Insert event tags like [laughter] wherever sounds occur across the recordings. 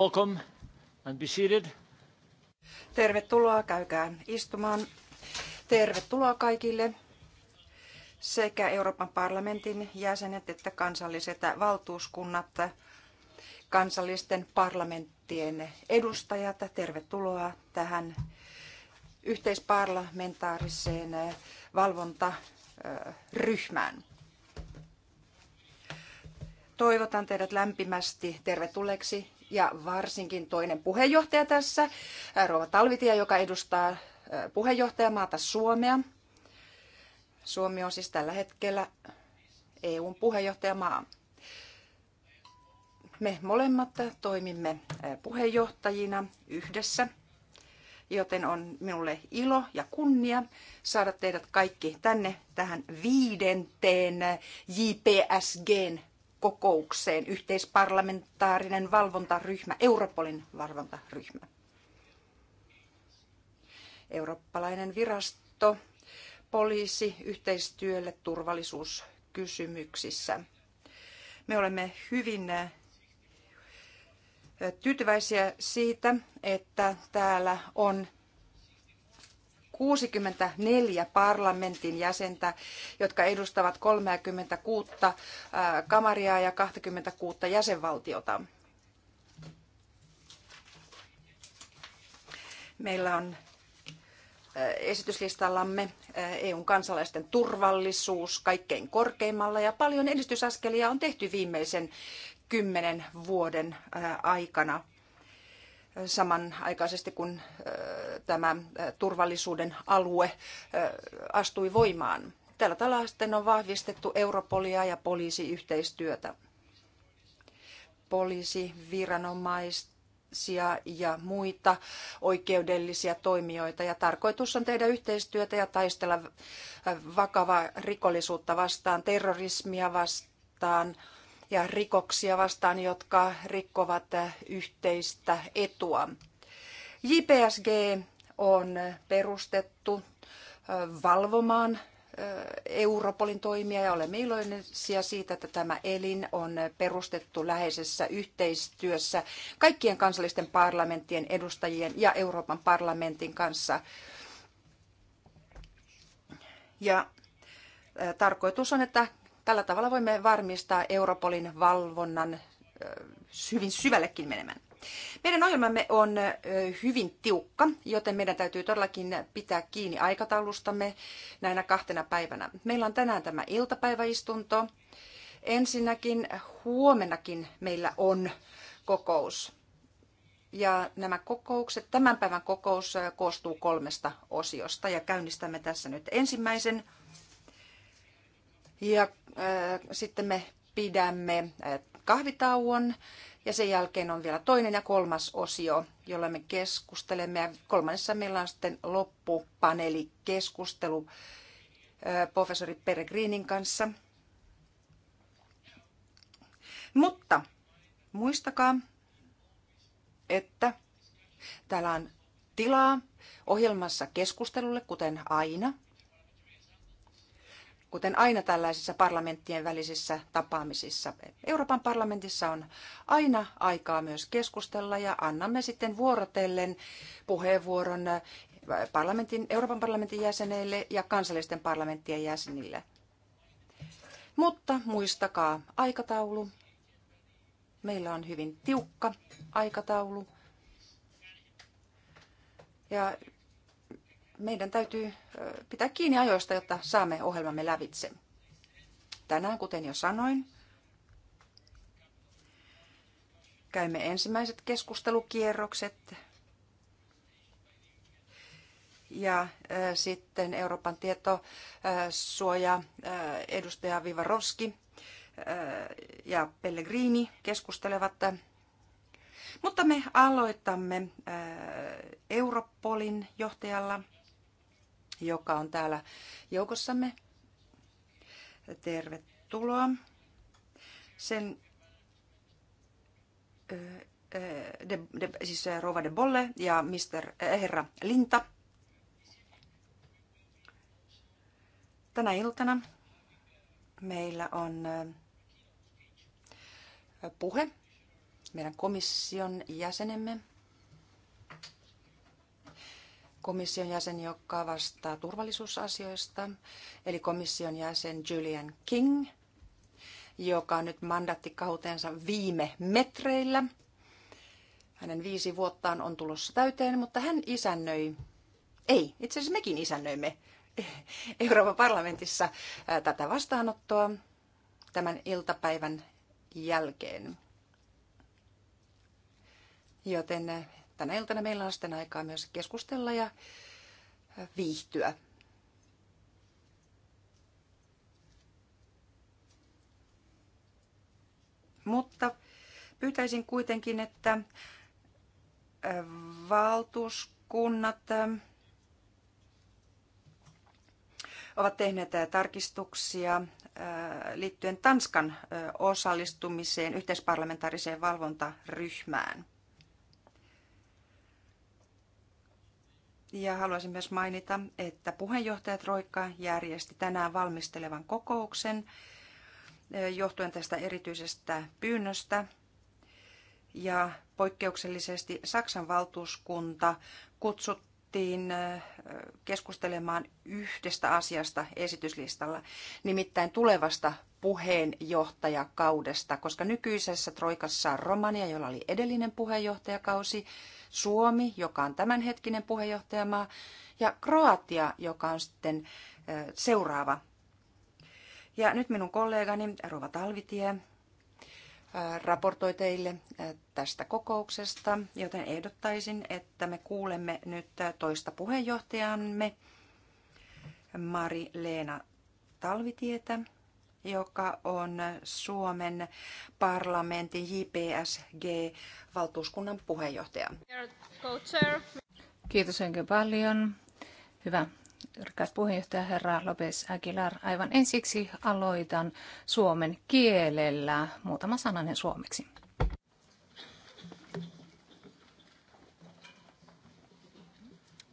Welcome and be seated. Tervetuloa, käykää istumaan. Tervetuloa kaikille sekä Euroopan parlamentin jäsenet että kansalliset valtuuskunnat, kansallisten parlamenttien edustajat. Tervetuloa tähän yhteisparlamentaariseen äh, valvontaryhmään. Toivotan teidät lämpimästi tervetulleeksi ja varsinkin toinen puheenjohtaja tässä, Rova Talvitie, joka edustaa puheenjohtajamaata Suomea. Suomi on siis tällä hetkellä EUn puheenjohtajamaa. Me molemmat toimimme puheenjohtajina yhdessä, joten on minulle ilo ja kunnia saada teidät kaikki tänne tähän viidenteen JPSGn kokoukseen yhteisparlamentaarinen valvontaryhmä, Europolin valvontaryhmä. Eurooppalainen virasto poliisi yhteistyölle turvallisuuskysymyksissä. Me olemme hyvin tyytyväisiä siitä, että täällä on 64 parlamentin jäsentä, jotka edustavat 36 äh, kamaria ja 26 jäsenvaltiota. Meillä on äh, esityslistallamme äh, EUn kansalaisten turvallisuus kaikkein korkeimmalla ja paljon edistysaskelia on tehty viimeisen kymmenen vuoden aikana samanaikaisesti kun tämä turvallisuuden alue astui voimaan. Tällä tavalla sitten on vahvistettu Europolia ja poliisiyhteistyötä. poliisi, viranomaisia ja muita oikeudellisia toimijoita. Ja tarkoitus on tehdä yhteistyötä ja taistella vakavaa rikollisuutta vastaan, terrorismia vastaan, ja rikoksia vastaan, jotka rikkovat yhteistä etua. JPSG on perustettu valvomaan Europolin toimia ja olemme iloisia siitä, että tämä elin on perustettu läheisessä yhteistyössä kaikkien kansallisten parlamenttien edustajien ja Euroopan parlamentin kanssa. Ja tarkoitus on, että Tällä tavalla voimme varmistaa Europolin valvonnan hyvin syvällekin menemään. Meidän ohjelmamme on hyvin tiukka, joten meidän täytyy todellakin pitää kiinni aikataulustamme näinä kahtena päivänä. Meillä on tänään tämä iltapäiväistunto. Ensinnäkin huomennakin meillä on kokous. Ja nämä kokoukset, tämän päivän kokous koostuu kolmesta osiosta ja käynnistämme tässä nyt ensimmäisen ja äh, sitten me pidämme äh, kahvitauon ja sen jälkeen on vielä toinen ja kolmas osio, jolla me keskustelemme. Ja kolmannessa meillä on sitten loppupaneelikeskustelu äh, professori Peregrinin kanssa. Mutta muistakaa, että täällä on tilaa ohjelmassa keskustelulle, kuten aina – kuten aina tällaisissa parlamenttien välisissä tapaamisissa. Euroopan parlamentissa on aina aikaa myös keskustella ja annamme sitten vuorotellen puheenvuoron parlamentin, Euroopan parlamentin jäsenille ja kansallisten parlamenttien jäsenille. Mutta muistakaa aikataulu. Meillä on hyvin tiukka aikataulu. Ja meidän täytyy pitää kiinni ajoista, jotta saamme ohjelmamme lävitse. Tänään, kuten jo sanoin, käymme ensimmäiset keskustelukierrokset ja sitten Euroopan tietosuoja edustaja Vivarovski ja Pellegrini keskustelevat. Mutta me aloitamme Europolin johtajalla joka on täällä joukossamme. Tervetuloa. Sen de, de, siis Rova de Bolle ja Mister, herra Linta. Tänä iltana meillä on puhe meidän komission jäsenemme komission jäsen, joka vastaa turvallisuusasioista, eli komission jäsen Julian King, joka on nyt mandaattikautensa viime metreillä. Hänen viisi vuottaan on tulossa täyteen, mutta hän isännöi, ei, itse asiassa mekin isännöimme [laughs] Euroopan parlamentissa tätä vastaanottoa tämän iltapäivän jälkeen. Joten tänä iltana meillä on sitten aikaa myös keskustella ja viihtyä. Mutta pyytäisin kuitenkin, että valtuuskunnat ovat tehneet tarkistuksia liittyen Tanskan osallistumiseen yhteisparlamentaariseen valvontaryhmään. Ja haluaisin myös mainita, että puheenjohtaja Troikka järjesti tänään valmistelevan kokouksen johtuen tästä erityisestä pyynnöstä. Ja poikkeuksellisesti Saksan valtuuskunta kutsuttiin keskustelemaan yhdestä asiasta esityslistalla, nimittäin tulevasta puheenjohtajakaudesta, koska nykyisessä Troikassa on Romania, jolla oli edellinen puheenjohtajakausi, Suomi, joka on tämänhetkinen puheenjohtajamaa, ja Kroatia, joka on sitten seuraava. Ja nyt minun kollegani Rova Talvitie raportoi teille tästä kokouksesta, joten ehdottaisin, että me kuulemme nyt toista puheenjohtajamme Mari-Leena Talvitietä joka on Suomen parlamentin JPSG-valtuuskunnan puheenjohtaja. Kiitos oikein paljon. Hyvä. Rikas puheenjohtaja herra Lopes Aguilar, aivan ensiksi aloitan suomen kielellä. Muutama sananen suomeksi.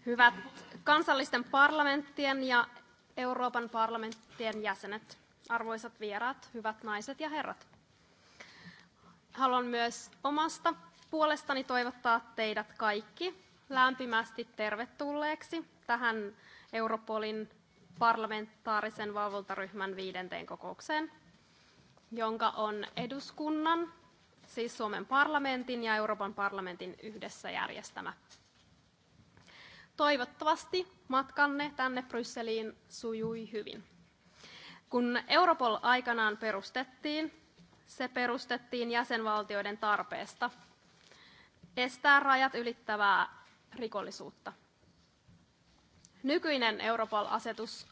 Hyvät kansallisten parlamenttien ja Euroopan parlamenttien jäsenet arvoisat vieraat, hyvät naiset ja herrat. Haluan myös omasta puolestani toivottaa teidät kaikki lämpimästi tervetulleeksi tähän Europolin parlamentaarisen valvontaryhmän viidenteen kokoukseen, jonka on eduskunnan, siis Suomen parlamentin ja Euroopan parlamentin yhdessä järjestämä. Toivottavasti matkanne tänne Brysseliin sujui hyvin. Kun Europol aikanaan perustettiin, se perustettiin jäsenvaltioiden tarpeesta estää rajat ylittävää rikollisuutta. Nykyinen Europol-asetus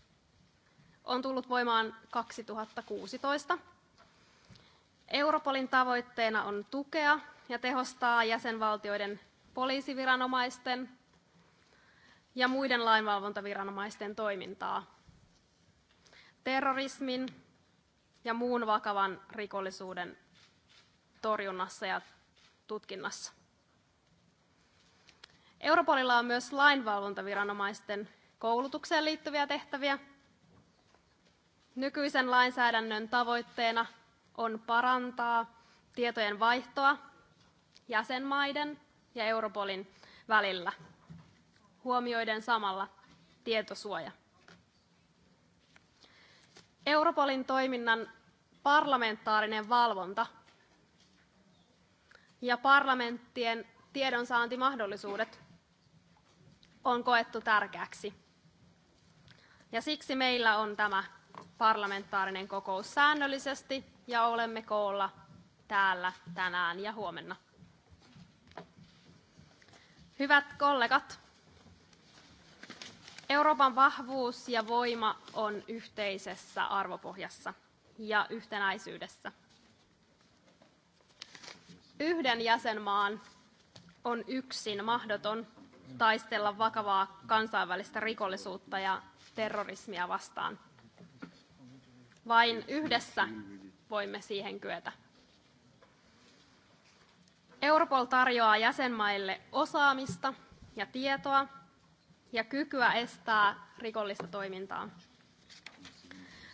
on tullut voimaan 2016. Europolin tavoitteena on tukea ja tehostaa jäsenvaltioiden poliisiviranomaisten ja muiden lainvalvontaviranomaisten toimintaa terrorismin ja muun vakavan rikollisuuden torjunnassa ja tutkinnassa. Europolilla on myös lainvalvontaviranomaisten koulutukseen liittyviä tehtäviä. Nykyisen lainsäädännön tavoitteena on parantaa tietojen vaihtoa jäsenmaiden ja Europolin välillä, huomioiden samalla tietosuoja. Europolin toiminnan parlamentaarinen valvonta ja parlamenttien tiedonsaantimahdollisuudet on koettu tärkeäksi. Ja siksi meillä on tämä parlamentaarinen kokous säännöllisesti ja olemme koolla täällä tänään ja huomenna. Hyvät kollegat, Euroopan vahvuus ja voima on yhteisessä arvopohjassa ja yhtenäisyydessä. Yhden jäsenmaan on yksin mahdoton taistella vakavaa kansainvälistä rikollisuutta ja terrorismia vastaan. Vain yhdessä voimme siihen kyetä. Europol tarjoaa jäsenmaille osaamista ja tietoa ja kykyä estää rikollista toimintaa.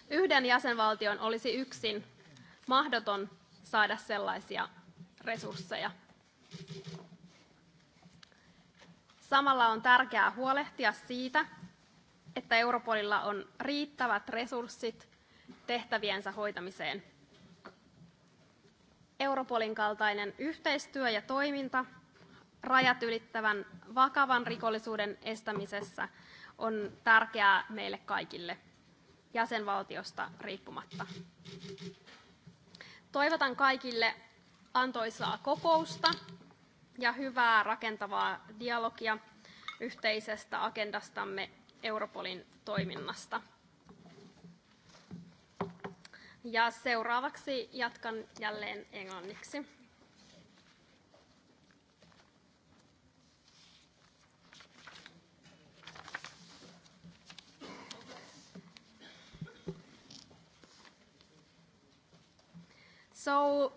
Yhden jäsenvaltion olisi yksin mahdoton saada sellaisia resursseja. Samalla on tärkeää huolehtia siitä, että Europolilla on riittävät resurssit tehtäviensä hoitamiseen. Europolin kaltainen yhteistyö ja toiminta rajat ylittävän vakavan rikollisuuden estämisessä on tärkeää meille kaikille jäsenvaltiosta riippumatta. Toivotan kaikille antoisaa kokousta ja hyvää rakentavaa dialogia yhteisestä agendastamme Europolin toiminnasta. Ja seuraavaksi jatkan jälleen englanniksi. So, uh,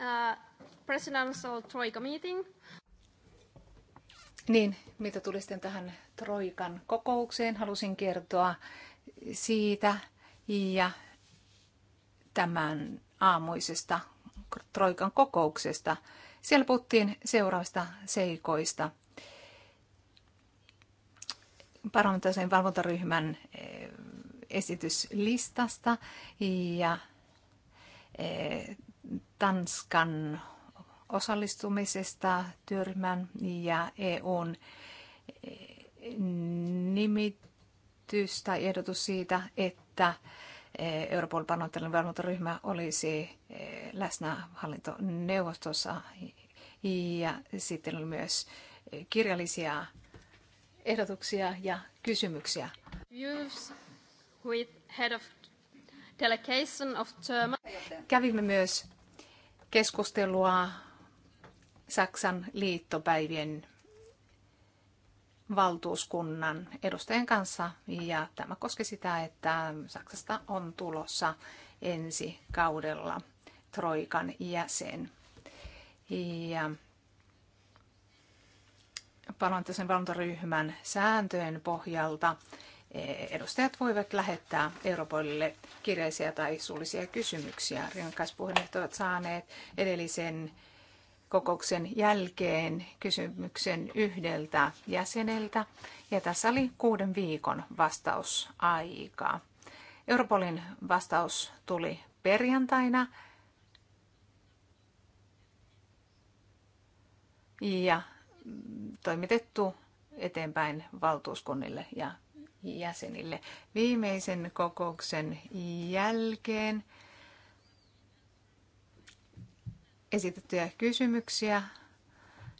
uh, presidential troika meeting. Niin, mitä tuli sitten tähän Troikan kokoukseen, halusin kertoa siitä ja tämän aamuisesta Troikan kokouksesta. Siellä puhuttiin seuraavista seikoista. Parlamentaarisen valvontaryhmän eh, esityslistasta ja Tanskan osallistumisesta työryhmän ja EUn eh, nimitys tai ehdotus siitä, että eh, Euroopan parlamentaarinen valvontaryhmä olisi eh, läsnä hallintoneuvostossa ja sitten oli myös kirjallisia ehdotuksia ja kysymyksiä. Views with head of Delegation of German. Kävimme myös keskustelua Saksan liittopäivien valtuuskunnan edustajien kanssa ja tämä koski sitä, että Saksasta on tulossa ensi kaudella Troikan jäsen. Ja parlamentaarisen valvontaryhmän sääntöjen pohjalta edustajat voivat lähettää Europolille kirjaisia tai suullisia kysymyksiä. Rinnakkaispuhelimet ovat saaneet edellisen kokouksen jälkeen kysymyksen yhdeltä jäseneltä. Ja tässä oli kuuden viikon vastausaika. Europolin vastaus tuli perjantaina. Ja toimitettu eteenpäin valtuuskunnille ja jäsenille. Viimeisen kokouksen jälkeen esitettyjä kysymyksiä.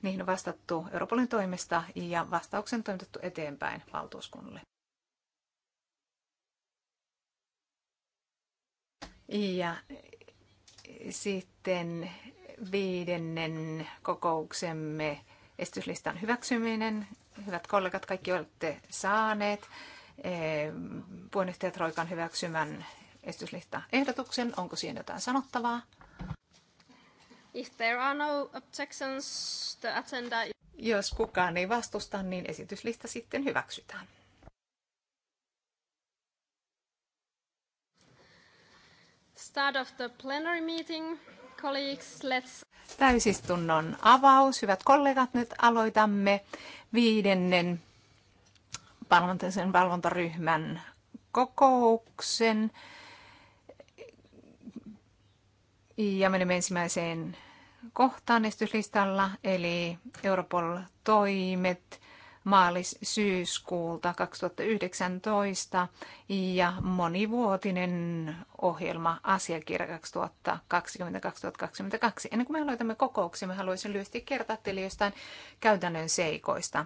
Niihin on vastattu Europolin toimesta ja vastauksen toimitettu eteenpäin valtuuskunnalle. Ja sitten viidennen kokouksemme esityslistan hyväksyminen. Hyvät kollegat, kaikki olette saaneet Eh, Troikan hyväksymän esityslista ehdotuksen. Onko siinä jotain sanottavaa? If there are no objections, the agenda... Jos kukaan ei vastusta, niin esityslista sitten hyväksytään. Start of the plenary meeting. Colleagues, let's... Täysistunnon avaus. Hyvät kollegat, nyt aloitamme viidennen parlamentaarisen valvontaryhmän kokouksen ja menemme ensimmäiseen kohtaan esityslistalla, eli Europol-toimet maalis-syyskuulta 2019 ja monivuotinen ohjelma asiakirja 2020-2022. Ennen kuin me aloitamme kokouksen, haluaisin lyhyesti kertoa teille jostain käytännön seikoista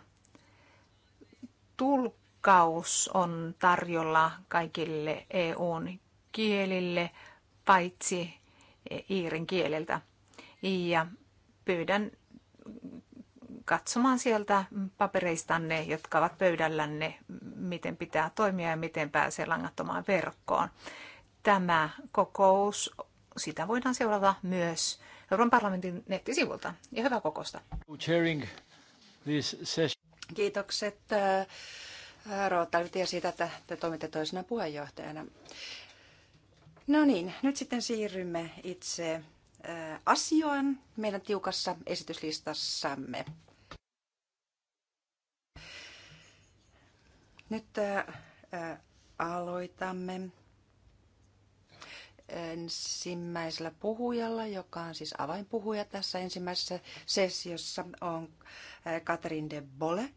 tulkkaus on tarjolla kaikille EUn kielille, paitsi Iirin kieleltä. Ja pyydän katsomaan sieltä papereistanne, jotka ovat pöydällänne, miten pitää toimia ja miten pääsee langattomaan verkkoon. Tämä kokous, sitä voidaan seurata myös Euroopan parlamentin nettisivulta. Ja hyvää kokousta. Kiitokset äh, Rootalvitia siitä, että te toimitte toisena puheenjohtajana. No niin, nyt sitten siirrymme itse äh, asioon meidän tiukassa esityslistassamme. Nyt äh, aloitamme ensimmäisellä puhujalla, joka on siis avainpuhuja tässä ensimmäisessä sessiossa, on Katrin äh, de Bolle,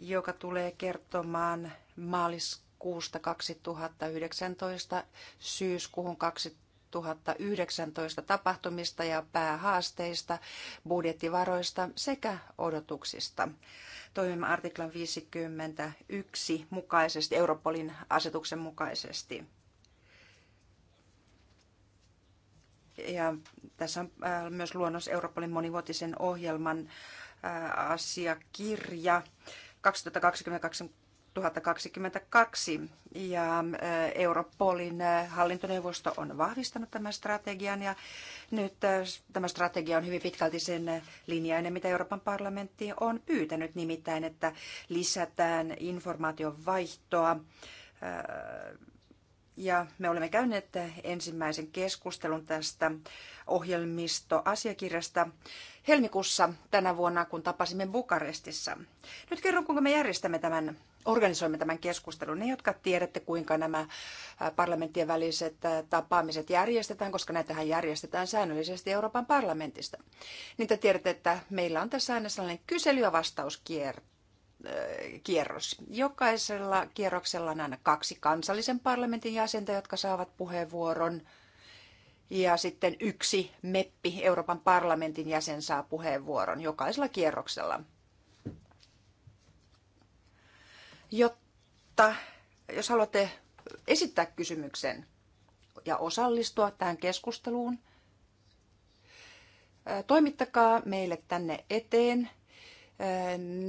joka tulee kertomaan maaliskuusta 2019 syyskuuhun 2019 tapahtumista ja päähaasteista, budjettivaroista sekä odotuksista. Toimimme artiklan 51 mukaisesti, Europolin asetuksen mukaisesti. Ja tässä on äh, myös luonnos Euroopan monivuotisen ohjelman äh, asiakirja 2020-2022 ja äh, Europolin hallintoneuvosto on vahvistanut tämän strategian ja nyt tämä strategia on hyvin pitkälti sen linjainen, mitä Euroopan parlamentti on pyytänyt, nimittäin että lisätään informaation vaihtoa ja me olemme käyneet ensimmäisen keskustelun tästä ohjelmistoasiakirjasta helmikuussa tänä vuonna, kun tapasimme Bukarestissa. Nyt kerron, kuinka me järjestämme tämän, organisoimme tämän keskustelun. Ne, jotka tiedätte, kuinka nämä parlamenttien väliset tapaamiset järjestetään, koska näitähän järjestetään säännöllisesti Euroopan parlamentista, niin te tiedätte, että meillä on tässä aina sellainen kysely- ja vastauskierto kierros. Jokaisella kierroksella on aina kaksi kansallisen parlamentin jäsentä, jotka saavat puheenvuoron. Ja sitten yksi meppi, Euroopan parlamentin jäsen, saa puheenvuoron jokaisella kierroksella. Jotta, jos haluatte esittää kysymyksen ja osallistua tähän keskusteluun, toimittakaa meille tänne eteen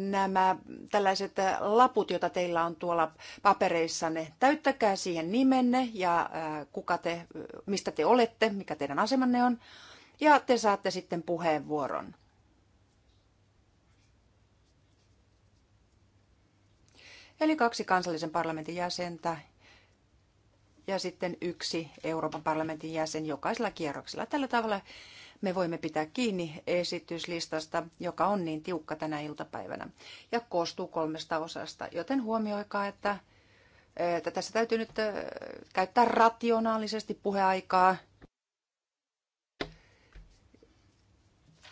nämä tällaiset laput, joita teillä on tuolla papereissanne. Täyttäkää siihen nimenne ja kuka te, mistä te olette, mikä teidän asemanne on, ja te saatte sitten puheenvuoron. Eli kaksi kansallisen parlamentin jäsentä ja sitten yksi Euroopan parlamentin jäsen jokaisella kierroksella. Tällä tavalla me voimme pitää kiinni esityslistasta, joka on niin tiukka tänä iltapäivänä ja koostuu kolmesta osasta. Joten huomioikaa, että, että tässä täytyy nyt käyttää rationaalisesti puheaikaa.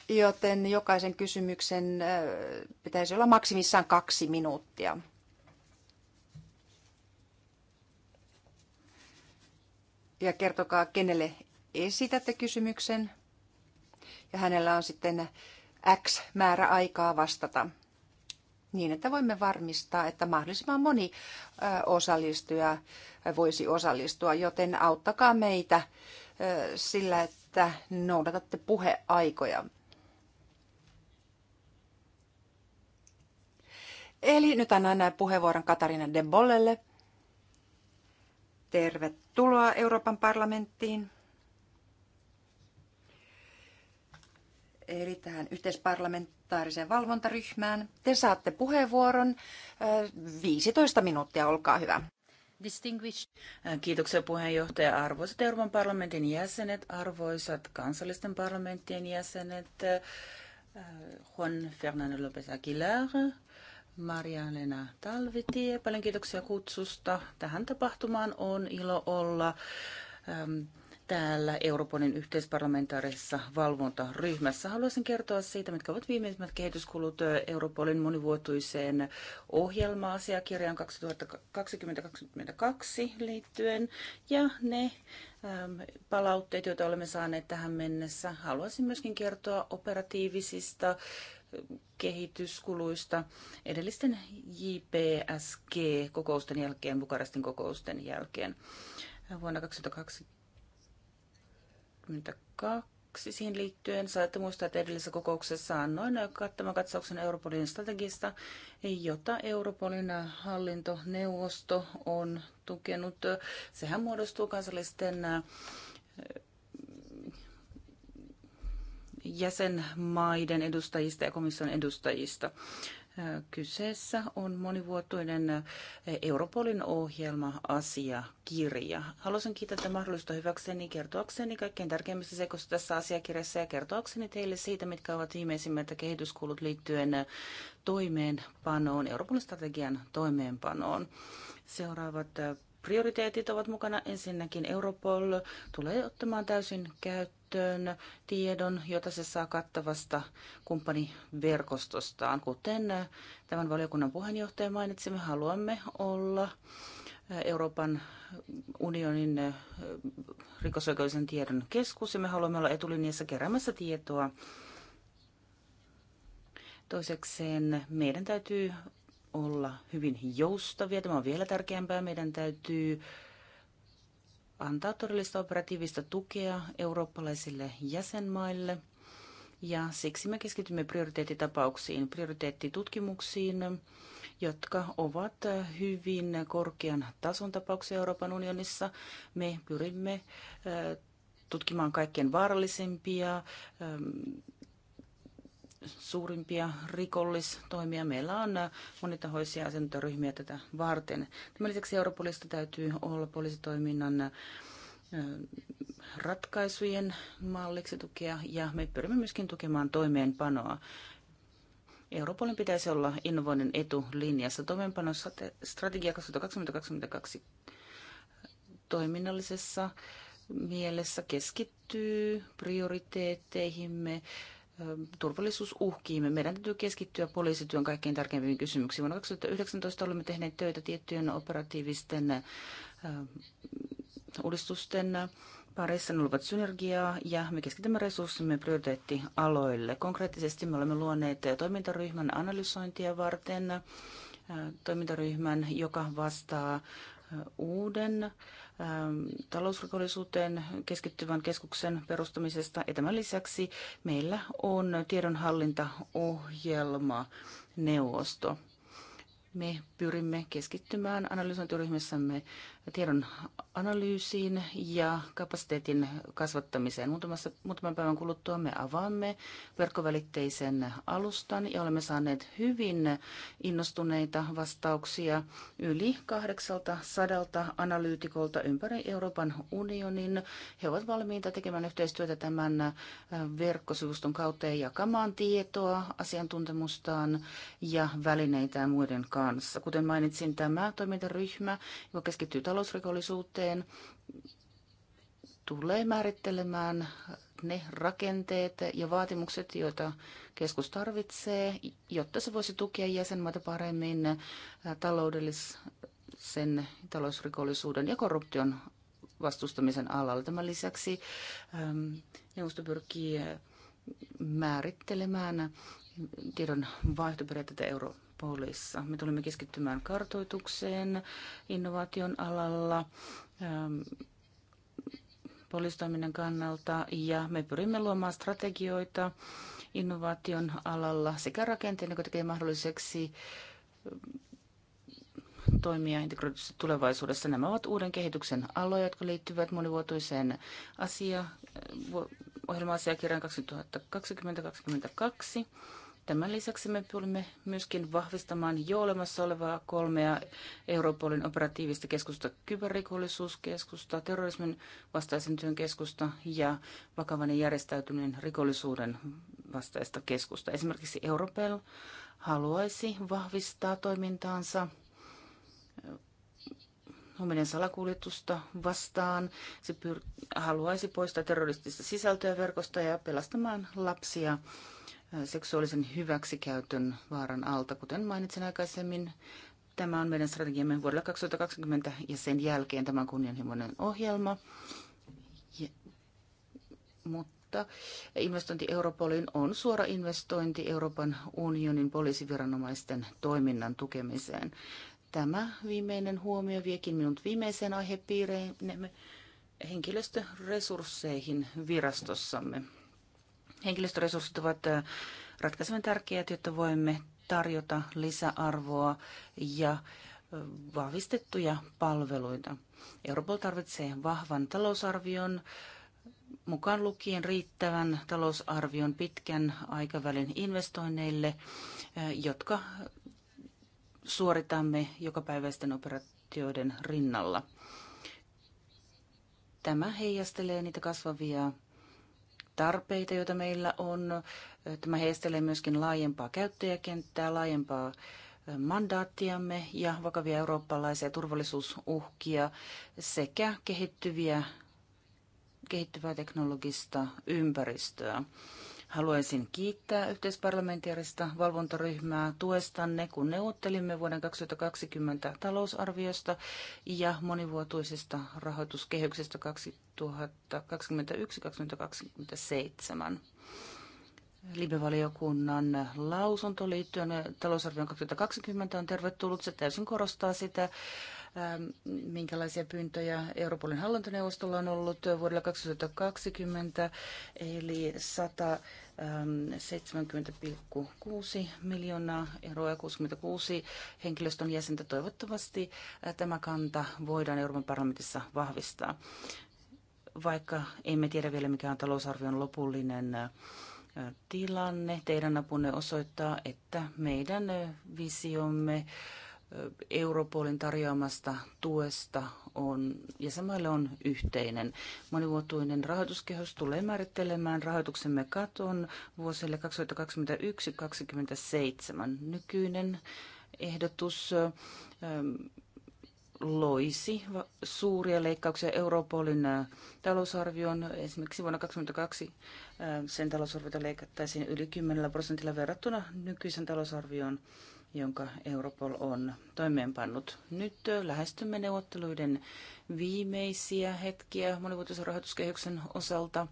Joten jokaisen kysymyksen pitäisi olla maksimissaan kaksi minuuttia. Ja kertokaa, kenelle esitätte kysymyksen ja hänellä on sitten X määrä aikaa vastata niin, että voimme varmistaa, että mahdollisimman moni osallistuja voisi osallistua, joten auttakaa meitä sillä, että noudatatte puheaikoja. Eli nyt annan puheenvuoron Katarina de Bollelle. Tervetuloa Euroopan parlamenttiin. eli tähän yhteisparlamentaariseen valvontaryhmään. Te saatte puheenvuoron. 15 äh, minuuttia, olkaa hyvä. Kiitoksia puheenjohtaja. Arvoisat Euroopan parlamentin jäsenet, arvoisat kansallisten parlamenttien jäsenet, äh, Juan Fernando López Aguilar, Maria Maria-Lena Talvitie, paljon kiitoksia kutsusta. Tähän tapahtumaan on ilo olla. Ähm, täällä Euroopanin yhteisparlamentaarisessa valvontaryhmässä. Haluaisin kertoa siitä, mitkä ovat viimeisimmät kehityskulut Euroopanin monivuotuiseen ohjelma-asiakirjaan 2022 liittyen ja ne ähm, palautteet, joita olemme saaneet tähän mennessä. Haluaisin myöskin kertoa operatiivisista ähm, kehityskuluista edellisten JPSG-kokousten jälkeen, Bukarestin kokousten jälkeen. Vuonna 2020 22. Siihen liittyen saatte muistaa, että edellisessä kokouksessa annoin kattavan katsauksen Europolin strategista, jota Europolin hallintoneuvosto on tukenut. Sehän muodostuu kansallisten äh, jäsenmaiden edustajista ja komission edustajista. Kyseessä on monivuotoinen eh, Europolin ohjelma asiakirja. Haluaisin kiittää tämän mahdollisuutta hyväkseni kertoakseni kaikkein tärkeimmistä seikoista tässä asiakirjassa ja kertoakseni teille siitä, mitkä ovat viimeisimmät kehityskulut liittyen eh, toimeenpanoon, Euroopan strategian toimeenpanoon. Seuraavat eh, prioriteetit ovat mukana. Ensinnäkin Europol tulee ottamaan täysin käyttöön käyttöön tiedon, jota se saa kattavasta kumppaniverkostostaan. Kuten tämän valiokunnan puheenjohtaja mainitsi, me haluamme olla Euroopan unionin rikosoikeudellisen tiedon keskus ja me haluamme olla etulinjassa keräämässä tietoa. Toisekseen meidän täytyy olla hyvin joustavia. Tämä on vielä tärkeämpää. Meidän täytyy äh, antaa todellista operatiivista tukea eurooppalaisille jäsenmaille. Ja siksi me keskitymme prioriteettitapauksiin, prioriteettitutkimuksiin, jotka ovat hyvin korkean tason tapauksia Euroopan unionissa. Me pyrimme tutkimaan kaikkein vaarallisimpia suurimpia rikollistoimia. Meillä on monitahoisia asentoryhmiä tätä varten. Tämän lisäksi Europolista täytyy olla poliisitoiminnan ratkaisujen malliksi tukea ja me pyrimme myöskin tukemaan toimeenpanoa. Europolin pitäisi olla innovoinnin etulinjassa toimeenpanon strategia 2022 toiminnallisessa mielessä keskittyy prioriteetteihimme, turvallisuusuhkiin. Meidän täytyy keskittyä poliisityön kaikkein tärkeimpiin kysymyksiin. Vuonna 2019 olemme tehneet töitä tiettyjen operatiivisten uudistusten parissa. Ne olivat synergiaa ja me keskitämme resurssimme prioriteettialoille. Konkreettisesti me olemme luoneet toimintaryhmän analysointia varten, toimintaryhmän, joka vastaa uuden Ähm, talousrikollisuuteen keskittyvän keskuksen perustamisesta. Ja tämän lisäksi meillä on tiedonhallintaohjelma neuvosto. Me pyrimme keskittymään analysointiryhmässämme tiedon analyysiin ja kapasiteetin kasvattamiseen. Muutamassa, muutaman päivän kuluttua me avaamme verkkovälitteisen alustan ja olemme saaneet hyvin innostuneita vastauksia yli 800 analyytikolta ympäri Euroopan unionin. He ovat valmiita tekemään yhteistyötä tämän verkkosivuston kautta ja jakamaan tietoa, asiantuntemustaan ja välineitä muiden kanssa. Kuten mainitsin, tämä toimintaryhmä, joka keskittyy talous- talousrikollisuuteen tulee määrittelemään ne rakenteet ja vaatimukset, joita keskus tarvitsee, jotta se voisi tukea jäsenmaita paremmin taloudellisen talousrikollisuuden ja korruption vastustamisen alalla. Tämän lisäksi neuvosto pyrkii määrittelemään tiedon vaihtoperiaatteita Euroopan Europolissa. Me tulemme keskittymään kartoitukseen innovaation alalla ähm, poliisitoiminnan kannalta ja me pyrimme luomaan strategioita innovaation alalla sekä rakenteen, joka tekee mahdolliseksi ähm, toimia integroidussa tulevaisuudessa. Nämä ovat uuden kehityksen aloja, jotka liittyvät monivuotoiseen asia, äh, ohjelma-asiakirjaan 2020-2022. Tämän lisäksi me tulimme myöskin vahvistamaan jo olemassa olevaa kolmea Europolin operatiivista keskusta, kyberrikollisuuskeskusta, terrorismin vastaisen työn keskusta ja vakavan ja järjestäytyneen rikollisuuden vastaista keskusta. Esimerkiksi Europel haluaisi vahvistaa toimintaansa huumeiden eh, salakuljetusta vastaan. Se pyr- haluaisi poistaa terroristista sisältöä verkosta ja pelastamaan lapsia seksuaalisen hyväksikäytön vaaran alta. Kuten mainitsin aikaisemmin, tämä on meidän strategiamme vuodelle 2020 ja sen jälkeen tämä on kunnianhimoinen ohjelma. Ja, mutta investointi Europolin on suora investointi Euroopan unionin poliisiviranomaisten toiminnan tukemiseen. Tämä viimeinen huomio viekin minut viimeiseen aihepiireen henkilöstöresursseihin virastossamme. Henkilöstöresurssit ovat ratkaisevan tärkeät, jotta voimme tarjota lisäarvoa ja vahvistettuja palveluita. Europol tarvitsee vahvan talousarvion, mukaan lukien riittävän talousarvion pitkän aikavälin investoinneille, jotka suoritamme jokapäiväisten operaatioiden rinnalla. Tämä heijastelee niitä kasvavia tarpeita, joita meillä on. Tämä heistelee myöskin laajempaa käyttäjäkenttää, laajempaa mandaattiamme ja vakavia eurooppalaisia turvallisuusuhkia sekä kehittyviä, kehittyvää teknologista ympäristöä. Haluaisin kiittää yhteisparlamentaarista valvontaryhmää tuestanne, kun neuvottelimme vuoden 2020 talousarviosta ja monivuotuisesta rahoituskehyksestä 2021-2027. Libevaliokunnan lausunto liittyen talousarvion 2020 on tervetullut. Se täysin korostaa sitä Ähm, minkälaisia pyyntöjä Europolin hallintoneuvostolla on ollut vuodella 2020, eli 170,6 ähm, miljoonaa euroa ja 66 henkilöstön jäsentä. Toivottavasti äh, tämä kanta voidaan Euroopan parlamentissa vahvistaa. Vaikka emme tiedä vielä, mikä on talousarvion lopullinen äh, tilanne, teidän apunne osoittaa, että meidän visiomme Europolin tarjoamasta tuesta on, jäsenmaille on yhteinen. Monivuotuinen rahoituskehys tulee määrittelemään rahoituksemme katon vuosille 2021-2027. Nykyinen ehdotus ähm, loisi suuria leikkauksia Europolin äh, talousarvioon. Esimerkiksi vuonna 2022 äh, sen talousarviota leikattaisiin yli 10 prosentilla verrattuna nykyisen talousarvioon jonka Europol on toimeenpannut. Nyt lähestymme neuvotteluiden viimeisiä hetkiä monivuotisen rahoituskehyksen osalta.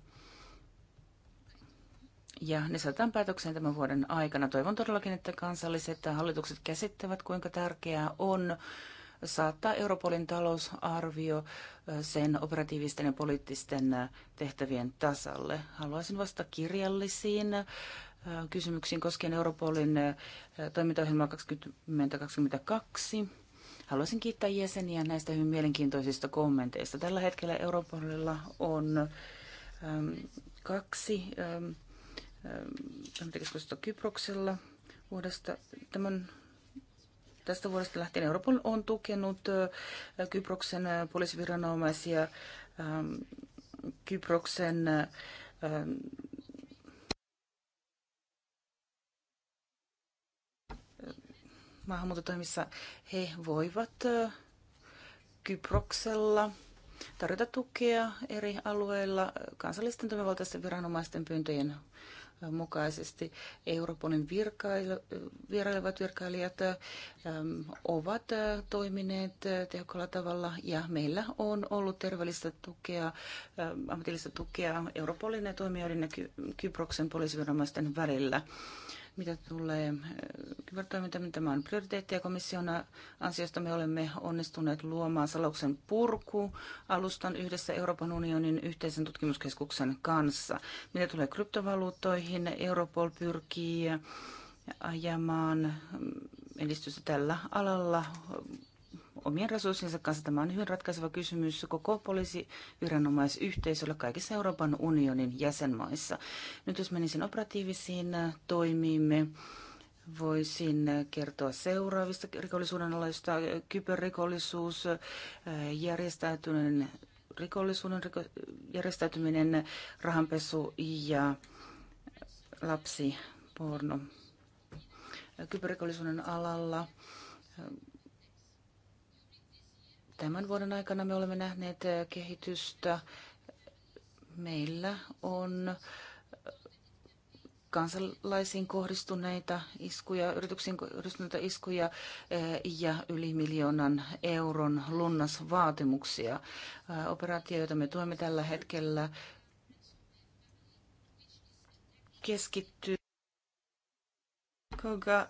Ja ne saatetaan päätökseen tämän vuoden aikana. Toivon todellakin, että kansalliset hallitukset käsittävät, kuinka tärkeää on saattaa Europolin talousarvio sen operatiivisten ja poliittisten tehtävien tasalle. Haluaisin vastata kirjallisiin kysymyksiin koskien Europolin toimintaohjelmaa 2022. Haluaisin kiittää jäseniä näistä hyvin mielenkiintoisista kommenteista. Tällä hetkellä Europolilla on äm, kaksi toimintakeskusta Kyproksella vuodesta tämän Tästä vuodesta lähtien Europol on tukenut Kyproksen poliisiviranomaisia, Kyproksen maahanmuuttotoimissa, he voivat Kyproksella tarjota tukea eri alueilla kansallisten toimivaltaisten viranomaisten pyyntöjen mukaisesti. Europolin vierailevat virkailijat ovat toimineet tehokkaalla tavalla ja meillä on ollut terveellistä tukea, ammatillista tukea Europolin ja toimijoiden ja Kyproksen poliisiviranomaisten välillä. Mitä tulee äh, kybertoimintaan, tämä on prioriteettia komission ansiosta me olemme onnistuneet luomaan salauksen purku-alustan yhdessä Euroopan unionin yhteisen tutkimuskeskuksen kanssa. Mitä tulee kryptovaluuttoihin, Europol pyrkii ajamaan mm, edistystä tällä alalla omien resurssinsa kanssa. Tämä on hyvin ratkaiseva kysymys koko poliisiviranomaisyhteisölle kaikissa Euroopan unionin jäsenmaissa. Nyt jos menisin operatiivisiin äh, toimiimme, voisin äh, kertoa seuraavista rikollisuuden aloista. Äh, kyberrikollisuus, järjestäytyneen rikollisuuden riko, järjestäytyminen, rahanpesu ja lapsiporno. Kyberrikollisuuden alalla Tämän vuoden aikana me olemme nähneet eh, kehitystä. Meillä on eh, kansalaisiin kohdistuneita iskuja, yrityksiin kohdistuneita iskuja eh, ja yli miljoonan euron lunnasvaatimuksia. Operaatio, jota me tuemme tällä hetkellä, keskittyy Koga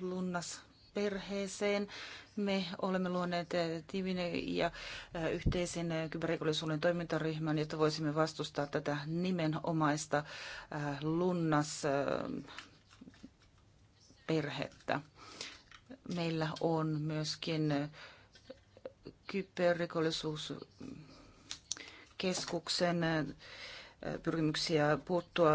lunnas perheeseen. Me olemme luoneet tiivin ja äh, yhteisen kyberrikollisuuden toimintaryhmän, jotta voisimme vastustaa tätä nimenomaista äh, lunnasperhettä. Äh, Meillä on myöskin kyberrikollisuuskeskuksen pyrkimyksiä puuttua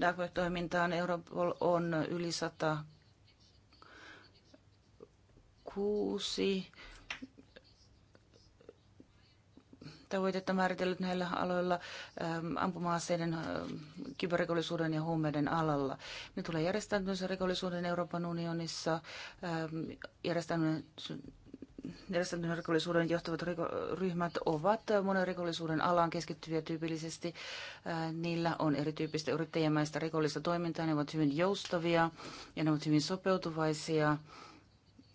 dark web-toimintaan. Europol on yli 106 tavoitetta määritellyt näillä aloilla ähm, ampuma-aseiden, ähm, kyberrikollisuuden ja huumeiden alalla. Ne tulee järjestäytymisen rikollisuuden Euroopan unionissa, ähm, järjestäytymisen järjestäytyneen rikollisuuden johtavat riko- ryhmät ovat monen rikollisuuden alaan keskittyviä tyypillisesti. Äh, niillä on erityyppistä yrittäjämäistä rikollista toimintaa. Ne ovat hyvin joustavia ja ne ovat hyvin sopeutuvaisia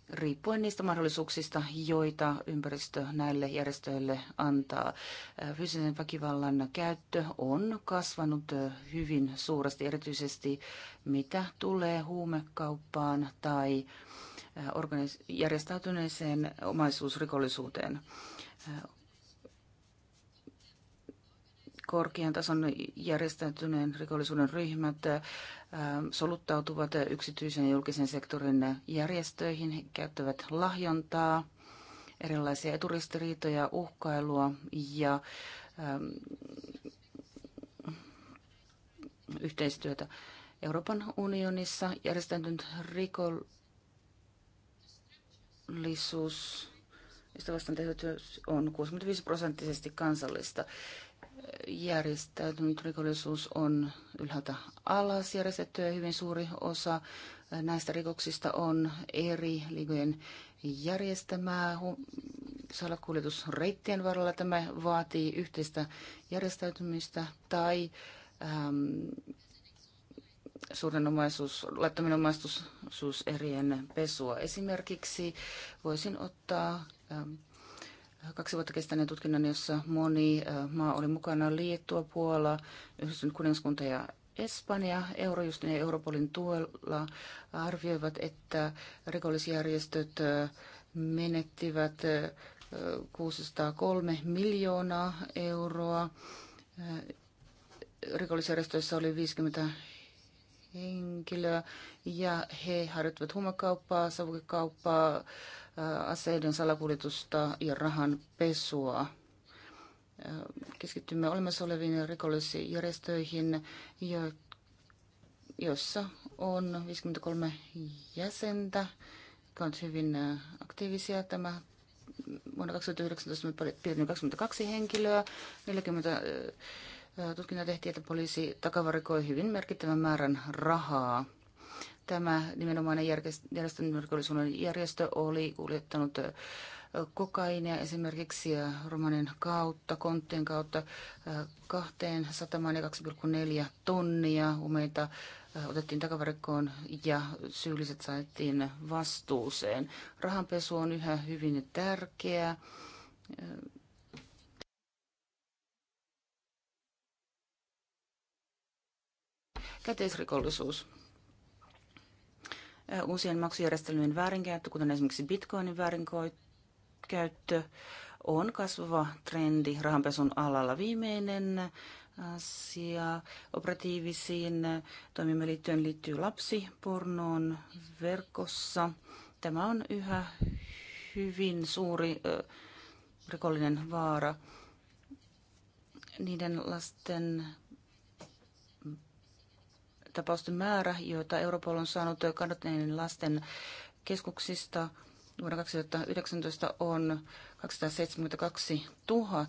riippuen niistä mahdollisuuksista, joita ympäristö näille järjestöille antaa. Äh, fyysisen väkivallan käyttö on kasvanut äh, hyvin suuresti, erityisesti mitä tulee huumekauppaan tai Äh, järjestäytyneeseen omaisuusrikollisuuteen. Äh, korkean tason järjestäytyneen rikollisuuden ryhmät äh, soluttautuvat yksityisen ja julkisen sektorin järjestöihin, he käyttävät lahjontaa, erilaisia eturistiriitoja, uhkailua ja ähm, yhteistyötä. Euroopan unionissa järjestäytynyt rikollisuus kansallisuus, josta vastaan on 65 prosenttisesti kansallista. Järjestäytynyt rikollisuus on ylhäältä alas järjestetty ja hyvin suuri osa näistä rikoksista on eri liikojen järjestämää salakuljetusreittien varrella. Tämä vaatii yhteistä järjestäytymistä tai ähm, laittaminen omaisuus, laittoman pesua. Esimerkiksi voisin ottaa ähm, kaksi vuotta kestäneen tutkinnan, jossa moni äh, maa oli mukana, Liettua, Puola, Yhdistynyt kuningaskunta ja Espanja Eurojustin ja Europolin tuella arvioivat, että rikollisjärjestöt äh, menettivät 603 äh, miljoonaa euroa. Rikollisjärjestöissä oli 50 henkilöä ja he harjoittavat huumakauppaa, savukekauppaa, äh, aseiden salakuljetusta ja rahan pesua. Äh, keskittymme olemassa oleviin rikollisjärjestöihin, joissa on 53 jäsentä, jotka ovat hyvin äh, aktiivisia. Tämä vuonna 2019 me pidämme 22 henkilöä, 40 tutkinta tehtiin, että poliisi takavarikoi hyvin merkittävän määrän rahaa. Tämä nimenomainen järjestelmärikollisuuden järjestö oli kuljettanut äh, kokainia esimerkiksi äh, Romanin kautta, konttien kautta äh, kahteen satamaan ja 2,4 tonnia umeita otettiin takavarikkoon ja syylliset saettiin vastuuseen. Rahanpesu on yhä hyvin tärkeä käteisrikollisuus. Uusien maksujärjestelmien väärinkäyttö, kuten esimerkiksi bitcoinin väärinkäyttö, on kasvava trendi rahanpesun alalla. Viimeinen asia operatiivisiin toimimme liittyen liittyy lapsipornoon verkossa. Tämä on yhä hyvin suuri rikollinen vaara. Niiden lasten tapausten määrä, joita Europol on saanut kadotteiden lasten keskuksista vuonna 2019 on 272 000.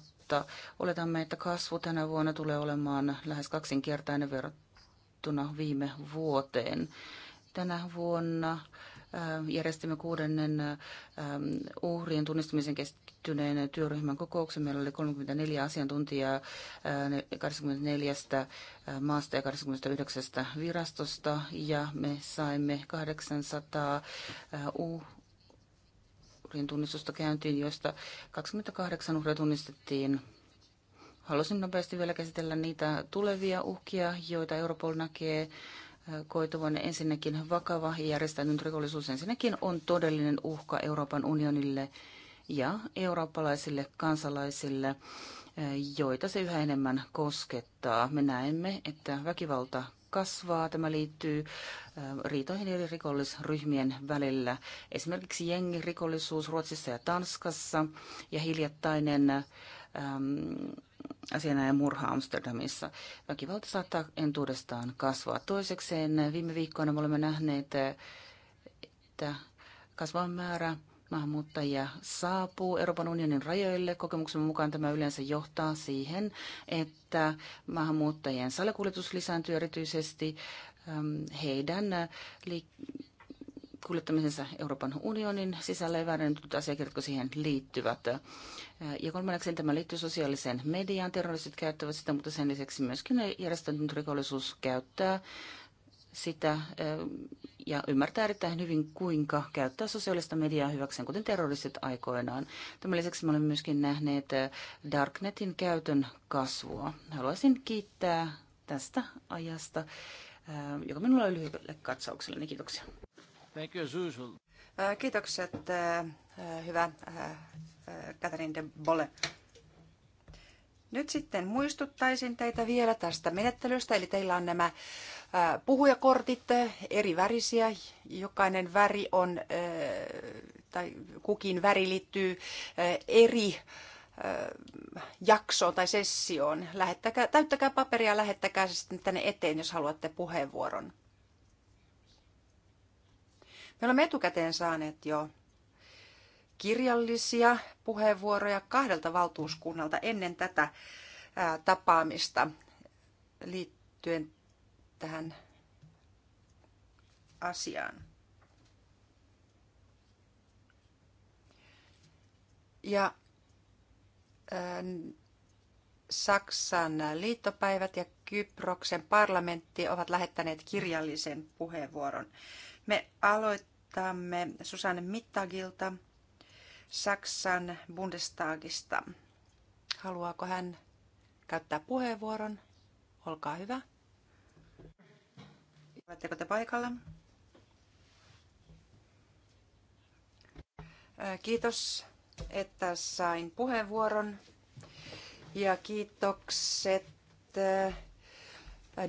Oletamme, että kasvu tänä vuonna tulee olemaan lähes kaksinkertainen verrattuna viime vuoteen. Tänä vuonna Äh, järjestimme kuudennen ähm, uhrien tunnistamisen kestyneen työryhmän kokouksen. Meillä oli 34 asiantuntijaa 24 äh, äh, maasta ja 29 virastosta ja me saimme 800 uhrien tunnistusta käyntiin, joista 28 uhria tunnistettiin Haluaisin nopeasti vielä käsitellä niitä tulevia uhkia, joita Europol näkee koituvan ensinnäkin vakava ja järjestäytynyt rikollisuus ensinnäkin on todellinen uhka Euroopan unionille ja eurooppalaisille kansalaisille, eh, joita se yhä enemmän koskettaa. Me näemme, että väkivalta kasvaa. Tämä liittyy eh, riitoihin eri rikollisryhmien välillä. Esimerkiksi jengirikollisuus Ruotsissa ja Tanskassa ja hiljattainen ehm, ja murha Amsterdamissa. Väkivalta saattaa entuudestaan kasvaa. Toisekseen viime viikkoina me olemme nähneet, että kasvaa määrä maahanmuuttajia saapuu Euroopan unionin rajoille. Kokemuksen mukaan tämä yleensä johtaa siihen, että maahanmuuttajien salakuljetus lisääntyy erityisesti ähm, heidän liik- kuljettamisensa Euroopan unionin sisällä ja väärennetyt asiakirjat, jotka siihen liittyvät. Ja kolmanneksi tämä liittyy sosiaaliseen mediaan. Terroristit käyttävät sitä, mutta sen lisäksi myöskin järjestäytynyt rikollisuus käyttää sitä ja ymmärtää erittäin hyvin, kuinka käyttää sosiaalista mediaa hyväkseen, kuten terroristit aikoinaan. Tämän lisäksi me olemme myöskin nähneet Darknetin käytön kasvua. Haluaisin kiittää tästä ajasta, joka minulla oli lyhyelle katsaukselle. Niin kiitoksia. Thank you as usual. Kiitokset, hyvä Catherine de Bolle. Nyt sitten muistuttaisin teitä vielä tästä menettelystä, eli teillä on nämä puhujakortit eri värisiä. Jokainen väri on, tai kukin väri liittyy eri jaksoon tai sessioon. Lähettäkää, täyttäkää paperia ja lähettäkää se sitten tänne eteen, jos haluatte puheenvuoron. Me olemme etukäteen saaneet jo kirjallisia puheenvuoroja kahdelta valtuuskunnalta ennen tätä tapaamista liittyen tähän asiaan. Ja Saksan liittopäivät ja Kyproksen parlamentti ovat lähettäneet kirjallisen puheenvuoron. Me aloitamme Susanne Mittagilta Saksan Bundestagista. Haluaako hän käyttää puheenvuoron? Olkaa hyvä. Oletteko te paikalla? Kiitos, että sain puheenvuoron ja kiitokset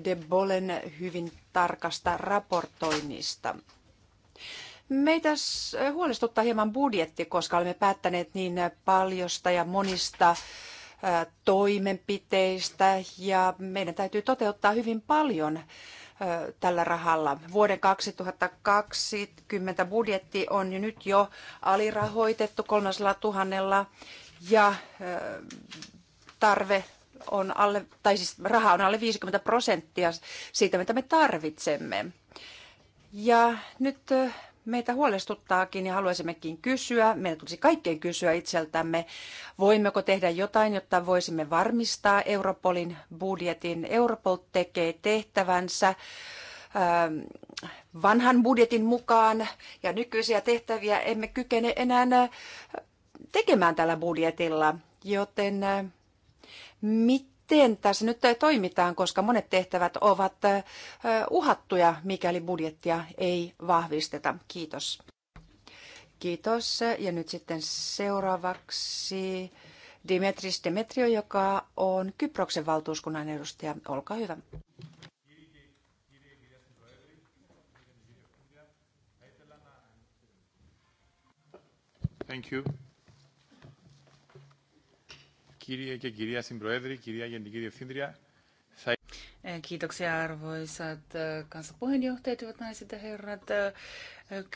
De Bolen hyvin tarkasta raportoinnista. Meitä huolestuttaa hieman budjetti, koska olemme päättäneet niin paljosta ja monista toimenpiteistä ja meidän täytyy toteuttaa hyvin paljon tällä rahalla. Vuoden 2020 budjetti on nyt jo alirahoitettu 300 000 ja tarve on alle, tai siis raha on alle 50 prosenttia siitä, mitä me tarvitsemme. Ja nyt meitä huolestuttaakin ja haluaisimmekin kysyä, meidän tulisi kaikkeen kysyä itseltämme, voimmeko tehdä jotain, jotta voisimme varmistaa Europolin budjetin. Europol tekee tehtävänsä ähm, vanhan budjetin mukaan ja nykyisiä tehtäviä emme kykene enää äh, tekemään tällä budjetilla, joten äh, miten tässä nyt toimitaan, koska monet tehtävät ovat uhattuja, mikäli budjettia ei vahvisteta. Kiitos. Kiitos. Ja nyt sitten seuraavaksi Dimitris Demetrio, joka on Kyproksen valtuuskunnan edustaja. Olkaa hyvä. Thank you. Κύριε και κυρία Συμπροέδρη, κυρία Γενική Διευθύντρια, θα... Kiitoksia arvoisat kansapuheenjohtajat, hyvät naiset ja herrat.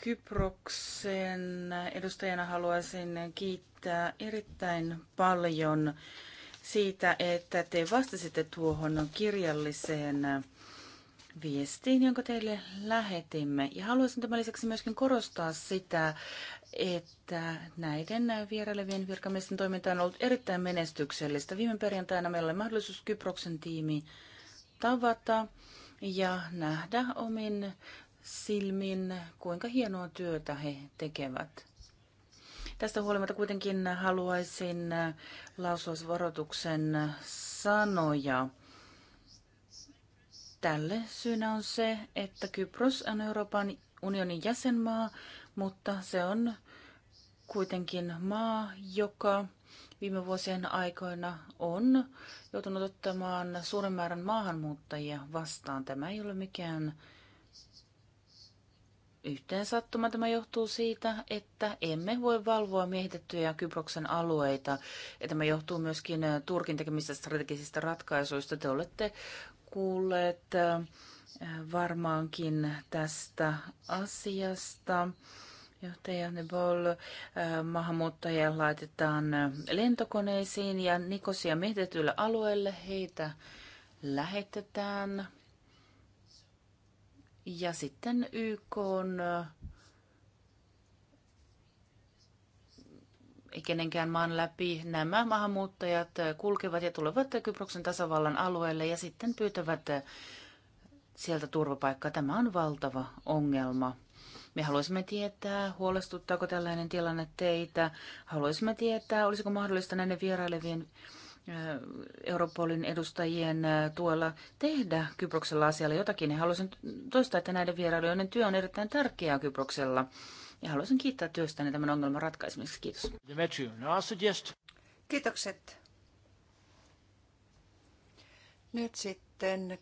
Kyproksen edustajana haluaisin kiittää erittäin paljon siitä, että te vastasitte tuohon kirjalliseen viestiin, jonka teille lähetimme. Ja haluaisin tämän lisäksi myöskin korostaa sitä, että näiden vierailevien virkamiesten toiminta on ollut erittäin menestyksellistä. Viime perjantaina meillä oli mahdollisuus Kyproksen tiimi tavata ja nähdä omin silmin, kuinka hienoa työtä he tekevät. Tästä huolimatta kuitenkin haluaisin lausua varoituksen sanoja. Tälle syynä on se, että Kypros on Euroopan unionin jäsenmaa, mutta se on kuitenkin maa, joka viime vuosien aikoina on joutunut ottamaan suuren määrän maahanmuuttajia vastaan. Tämä ei ole mikään yhteen sattuma. Tämä johtuu siitä, että emme voi valvoa miehitettyjä Kyproksen alueita. Ja tämä johtuu myöskin Turkin tekemistä strategisista ratkaisuista. Te olette kuulleet äh, varmaankin tästä asiasta. Johtaja Nebol, äh, maahanmuuttajia laitetaan lentokoneisiin ja Nikosia mietityllä alueelle heitä lähetetään. Ja sitten YK on äh, kenenkään maan läpi. Nämä maahanmuuttajat kulkevat ja tulevat Kyproksen tasavallan alueelle ja sitten pyytävät äh, sieltä turvapaikkaa. Tämä on valtava ongelma. Me haluaisimme tietää, huolestuttaako tällainen tilanne teitä. Haluaisimme tietää, olisiko mahdollista näiden vierailevien Europolin edustajien tuella tehdä Kyproksella asialle jotakin. Ja haluaisin toistaa, että näiden vierailijoiden työ on erittäin tärkeää Kyproksella. Ja haluaisin kiittää työstäni tämän ongelman ratkaisemiseksi. Kiitos. No, Kiitokset. Nyt sitten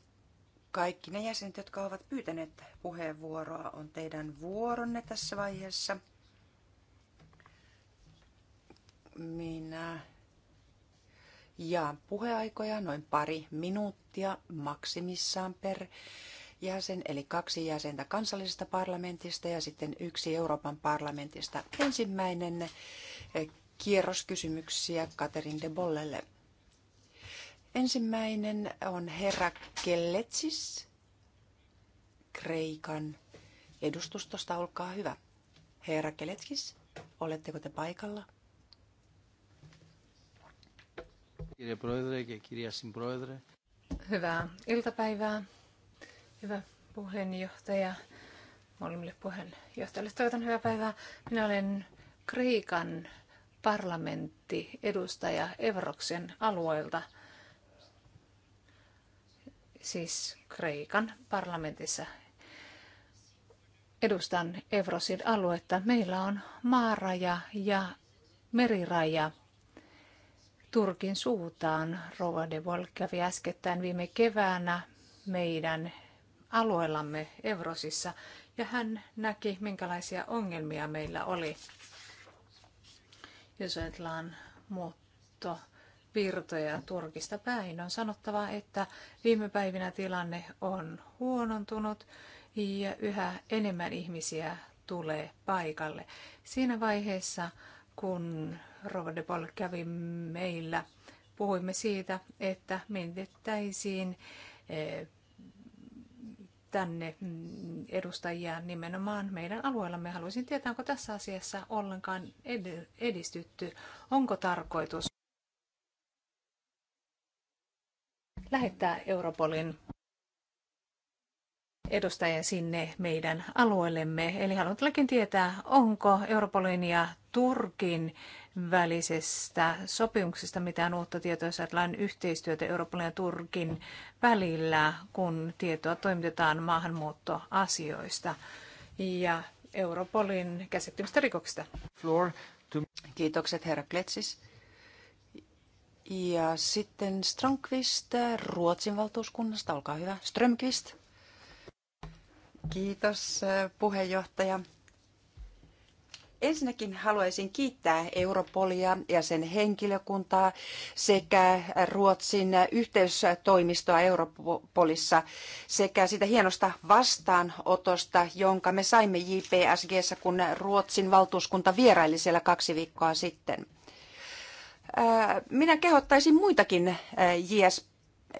kaikki ne jäsenet, jotka ovat pyytäneet puheenvuoroa, on teidän vuoronne tässä vaiheessa. Minä jaan puheaikoja noin pari minuuttia maksimissaan per jäsen, eli kaksi jäsentä kansallisesta parlamentista ja sitten yksi Euroopan parlamentista. Ensimmäinen eh, kierros kysymyksiä Katerin de Bollelle. Ensimmäinen on herra Kelletsis Kreikan edustustosta. Olkaa hyvä. Herra Kelletsis, oletteko te paikalla? Kirja Proedre ja kirja Simproedre. Hyvää iltapäivää. Hyvä puheenjohtaja. Molemmille puheenjohtajille toivotan hyvää päivää. Minä olen Kreikan parlamentti edustaja Evroksen alueelta – siis Kreikan parlamentissa edustan Evrosin aluetta. Meillä on maaraja ja meriraja Turkin suuntaan. Rova de Vol kävi äskettäin viime keväänä meidän alueellamme Evrosissa ja hän näki, minkälaisia ongelmia meillä oli. Jos ajatellaan muutto virtoja Turkista päin. On sanottava, että viime päivinä tilanne on huonontunut ja yhä enemmän ihmisiä tulee paikalle. Siinä vaiheessa, kun Robert de Paul kävi meillä, puhuimme siitä, että mentettäisiin eh, tänne edustajia nimenomaan meidän alueellamme. Haluaisin tietää, onko tässä asiassa ollenkaan edistytty. Onko tarkoitus lähettää Europolin edustajia sinne meidän alueellemme. Eli haluan tälläkin tietää, onko Europolin ja Turkin välisestä sopimuksesta mitään uutta tietoa, jos yhteistyötä Euroopan ja Turkin välillä, kun tietoa toimitetaan maahanmuuttoasioista ja Europolin käsittymistä rikoksista. Kiitokset herra Kletsis. Ja sitten Strömqvist Ruotsin valtuuskunnasta, olkaa hyvä. Strömqvist. Kiitos eh, puheenjohtaja. Ensinnäkin haluaisin kiittää Europolia ja sen henkilökuntaa sekä Ruotsin yhteystoimistoa Europolissa sekä sitä hienosta vastaanotosta, jonka me saimme JPSGssä, kun Ruotsin valtuuskunta vieraili siellä kaksi viikkoa sitten minä kehottaisin muitakin JS,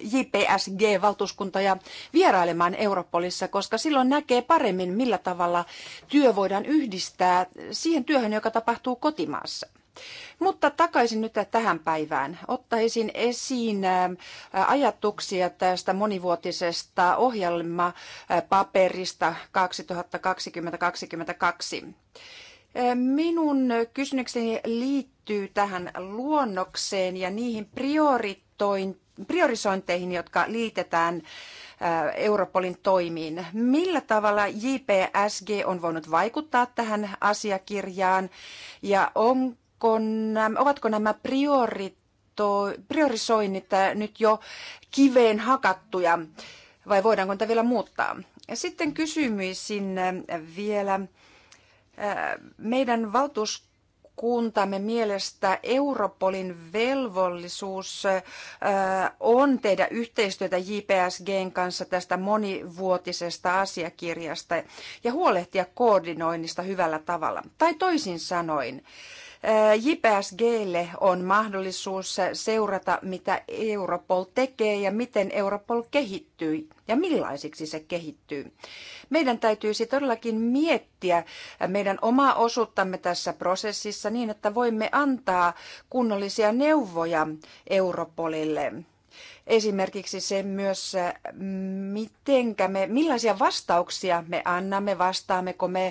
JPSG-valtuuskuntoja vierailemaan Europolissa, koska silloin näkee paremmin, millä tavalla työ voidaan yhdistää siihen työhön, joka tapahtuu kotimaassa. Mutta takaisin nyt tähän päivään. Ottaisin esiin ajatuksia tästä monivuotisesta ohjelmapaperista 2020-2022. Minun kysymykseni liittyy tähän luonnokseen ja niihin priorisointeihin, jotka liitetään äh, Europolin toimiin. Millä tavalla JPSG on voinut vaikuttaa tähän asiakirjaan ja onko, ovatko nämä priorisoinnit äh, nyt jo kiveen hakattuja vai voidaanko niitä vielä muuttaa? Ja sitten kysymyisin äh, vielä meidän valtuuskuntamme mielestä Europolin velvollisuus on tehdä yhteistyötä JPSGn kanssa tästä monivuotisesta asiakirjasta ja huolehtia koordinoinnista hyvällä tavalla. Tai toisin sanoen, Äh, JPSGlle on mahdollisuus seurata, mitä Europol tekee ja miten Europol kehittyy ja millaisiksi se kehittyy. Meidän täytyisi todellakin miettiä meidän omaa osuuttamme tässä prosessissa niin, että voimme antaa kunnollisia neuvoja Europolille Esimerkiksi se myös, mitenkä me, millaisia vastauksia me annamme, vastaammeko me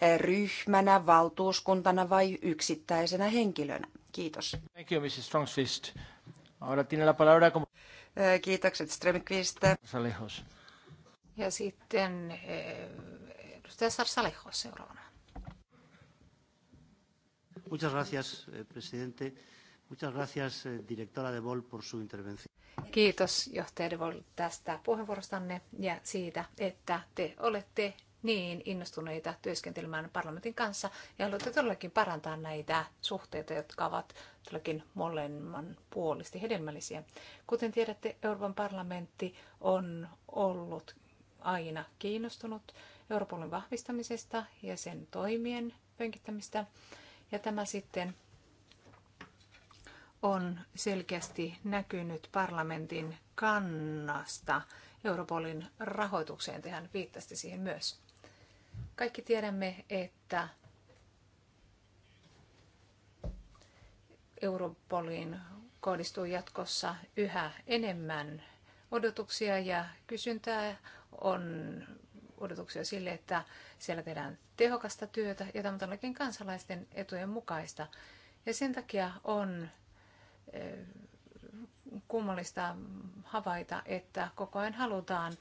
eh, ryhmänä, valtuuskuntana vai yksittäisenä henkilönä. Kiitos. Thank you, Mrs. Strongfist. Ahora tiene la palabra como... Eh, kiitokset Strömqvist. Salejos. Ja sitten eh, edustaja Sarsalejos seuraavana. Muchas gracias, presidente. Muchas gracias, eh, directora de Vol, por su intervención. Kiitos johtaja de Vol tästä puheenvuorostanne ja siitä, että te olette niin innostuneita työskentelemään parlamentin kanssa ja haluatte todellakin parantaa näitä suhteita, jotka ovat todellakin molemman puolisesti hedelmällisiä. Kuten tiedätte, Euroopan parlamentti on ollut aina kiinnostunut Euroopan vahvistamisesta ja sen toimien pönkittämistä. Ja tämä sitten on selkeästi näkynyt parlamentin kannasta Europolin rahoitukseen. Tehän viittasitte siihen myös. Kaikki tiedämme, että Europolin kohdistuu jatkossa yhä enemmän odotuksia ja kysyntää on odotuksia sille, että siellä tehdään tehokasta työtä ja tämä on kansalaisten etujen mukaista. Ja sen takia on kummallista havaita, että koko ajan halutaan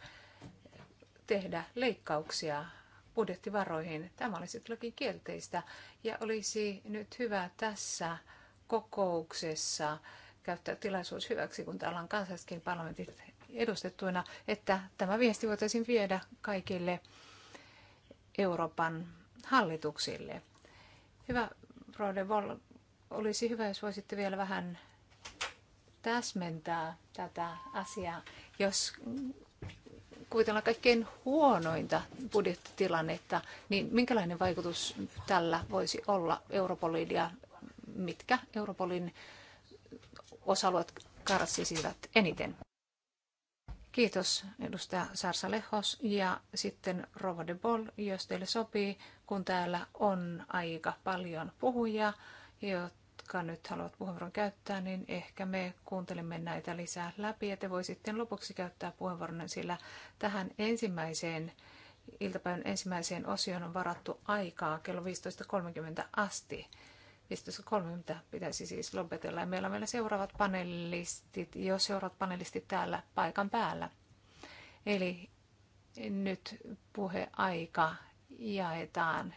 tehdä leikkauksia budjettivaroihin. Tämä olisi kylläkin kielteistä ja olisi nyt hyvä tässä kokouksessa käyttää tilaisuus hyväksi, kun täällä on kansalliskin parlamentit edustettuina, että tämä viesti voitaisiin viedä kaikille Euroopan hallituksille. Hyvä Rode Wall, olisi hyvä, jos voisitte vielä vähän täsmentää tätä asiaa. Jos kuvitellaan kaikkein huonointa budjettitilannetta, niin minkälainen vaikutus tällä voisi olla Europolin ja mitkä Europolin osa-alueet karsisivat eniten? Kiitos edustaja Sarsa Lehos ja sitten Rova de Bol, jos teille sopii, kun täällä on aika paljon puhujia, jotta jotka nyt haluavat puheenvuoron käyttää, niin ehkä me kuuntelemme näitä lisää läpi ja te sitten lopuksi käyttää puheenvuoron, sillä tähän ensimmäiseen iltapäivän ensimmäiseen osioon on varattu aikaa kello 15.30 asti. 15.30 pitäisi siis lopetella. Ja meillä on vielä seuraavat panelistit, jos seuraavat panelistit täällä paikan päällä. Eli nyt puheaika jaetaan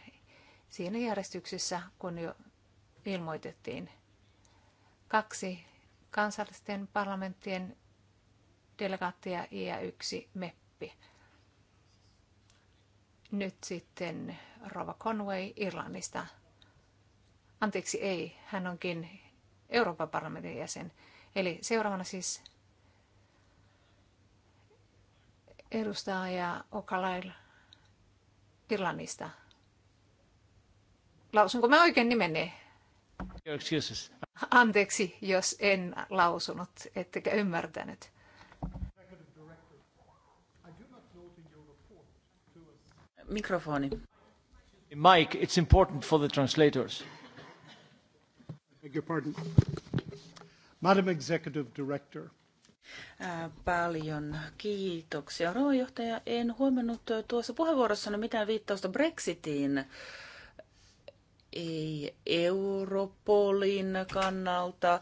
siinä järjestyksessä, kun jo ilmoitettiin. Kaksi kansallisten parlamenttien delegaattia ja yksi meppi. Nyt sitten Rova Conway Irlannista. Anteeksi, ei. Hän onkin Euroopan parlamentin jäsen. Eli seuraavana siis edustaja Okalail Irlannista. Lausunko mä oikein nimeni? Anteeksi, jos en lausunut, ettekä ymmärtänyt. Mikrofoni. Mike, it's important for the translators. Beg your pardon. Madam Executive Director. Paljon kiitoksia. Rouva en huomannut tuossa puheenvuorossanne mitään viittausta Brexitiin ei Europolin kannalta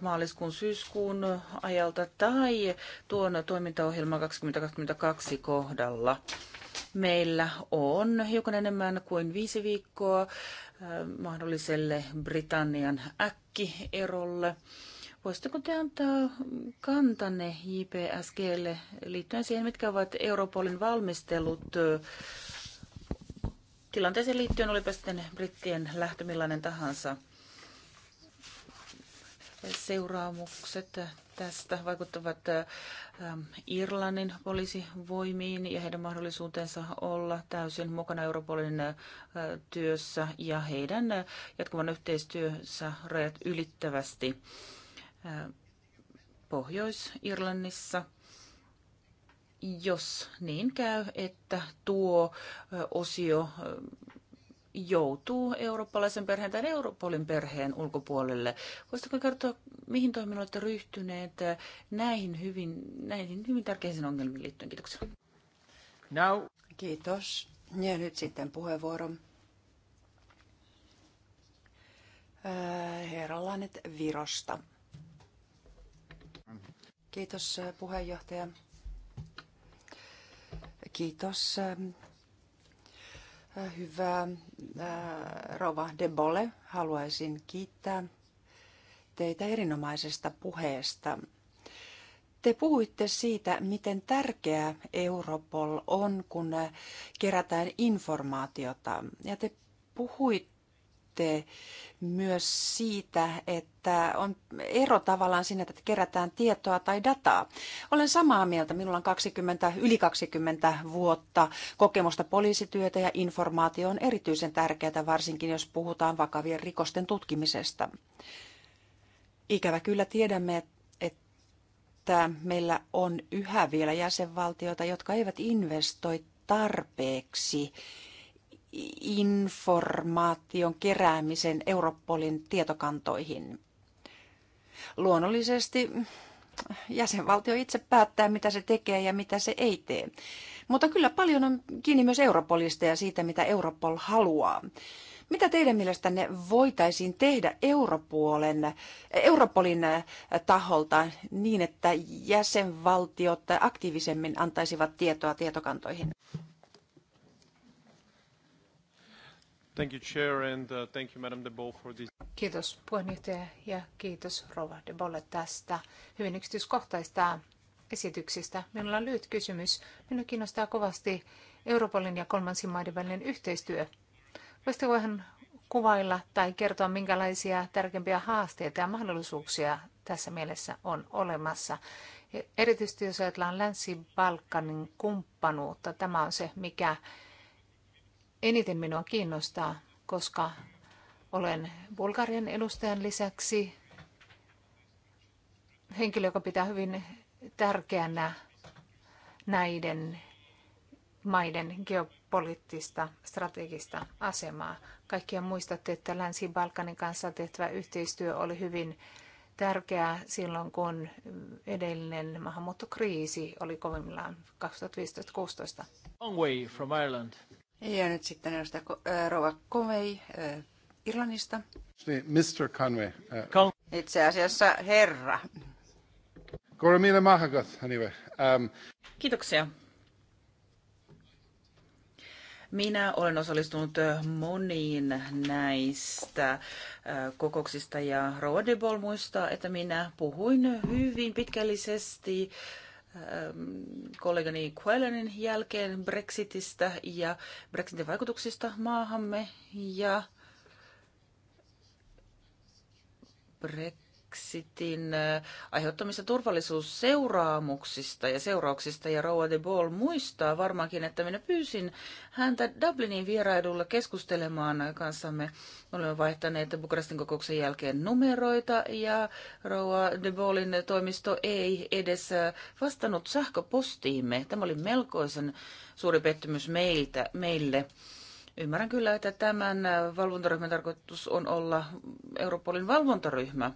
maaliskuun syyskuun ajalta tai tuon toimintaohjelman 2022 kohdalla. Meillä on hiukan enemmän kuin viisi viikkoa äh, mahdolliselle Britannian äkkierolle. Voisitteko te antaa kantanne JPSGlle liittyen siihen, mitkä ovat Europolin valmistelut äh, tilanteeseen liittyen, olipa sitten brittien lähtö millainen tahansa. Seuraamukset tästä vaikuttavat ähm, Irlannin poliisivoimiin ja heidän mahdollisuutensa olla täysin mukana Europolin äh, työssä ja heidän äh, jatkuvan yhteistyössä rajat ylittävästi äh, Pohjois-Irlannissa jos niin käy, että tuo osio joutuu eurooppalaisen perheen tai Europolin perheen ulkopuolelle. Voisitko kertoa, mihin toimin olette ryhtyneet näihin hyvin, näihin hyvin tärkeisiin ongelmiin liittyen? Kiitoksia. Now. Kiitos. Ja nyt sitten puheenvuoro. Herra Virosta. Kiitos puheenjohtaja. Kiitos. Hyvä rouva De Bolle, haluaisin kiittää teitä erinomaisesta puheesta. Te puhuitte siitä, miten tärkeä Europol on, kun kerätään informaatiota. Ja te puhuitte lähtee myös siitä, että on ero tavallaan siinä, että kerätään tietoa tai dataa. Olen samaa mieltä, minulla on 20, yli 20 vuotta kokemusta poliisityötä ja informaatio on erityisen tärkeää, varsinkin jos puhutaan vakavien rikosten tutkimisesta. Ikävä kyllä tiedämme, että meillä on yhä vielä jäsenvaltioita, jotka eivät investoi tarpeeksi informaation keräämisen Europolin tietokantoihin. Luonnollisesti jäsenvaltio itse päättää, mitä se tekee ja mitä se ei tee. Mutta kyllä paljon on kiinni myös Europolista ja siitä, mitä Europol haluaa. Mitä teidän mielestänne voitaisiin tehdä Europolin, Europolin taholta niin, että jäsenvaltiot aktiivisemmin antaisivat tietoa tietokantoihin? Thank you, Chair, and uh, thank you, Madam de for this. Kiitos puheenjohtaja ja kiitos Rova de Bolle tästä hyvin yksityiskohtaista esityksistä. Minulla on lyhyt kysymys. Minua kiinnostaa kovasti Europolin ja kolmansin maiden välinen yhteistyö. Voisitko vähän kuvailla tai kertoa, minkälaisia tärkeimpiä haasteita ja mahdollisuuksia tässä mielessä on olemassa? Erityisesti jos ajatellaan Länsi-Balkanin kumppanuutta, tämä on se, mikä eniten minua kiinnostaa, koska olen Bulgarian edustajan lisäksi henkilö, joka pitää hyvin tärkeänä näiden maiden geopoliittista strategista asemaa. Kaikkia muistatte, että Länsi-Balkanin kanssa tehtävä yhteistyö oli hyvin tärkeää silloin, kun edellinen maahanmuuttokriisi oli kovimmillaan 2015-2016. Ja nyt sitten edustaja äh, Rova Conway äh, Irlannista. Mr. Conway. Uh, Itse asiassa herra. Koromina Mahagat, anyway. Um, Kiitoksia. Minä olen osallistunut äh, moniin näistä kokouksista ja Rodebol muistaa, että minä puhuin hyvin pitkällisesti Ähm, kollegani Quellenin jälkeen Brexitistä ja Brexitin vaikutuksista maahamme ja Brexit Brexitin aiheuttamista turvallisuusseuraamuksista ja seurauksista. Ja Roa de Ball muistaa varmaankin, että minä pyysin häntä Dublinin vierailulla keskustelemaan kanssamme. Olemme vaihtaneet Bukarestin kokouksen jälkeen numeroita ja Roa de Ballin toimisto ei edes vastannut sähköpostiimme. Tämä oli melkoisen suuri pettymys meiltä, meille. Ymmärrän kyllä, että tämän valvontaryhmän tarkoitus on olla Europolin valvontaryhmä.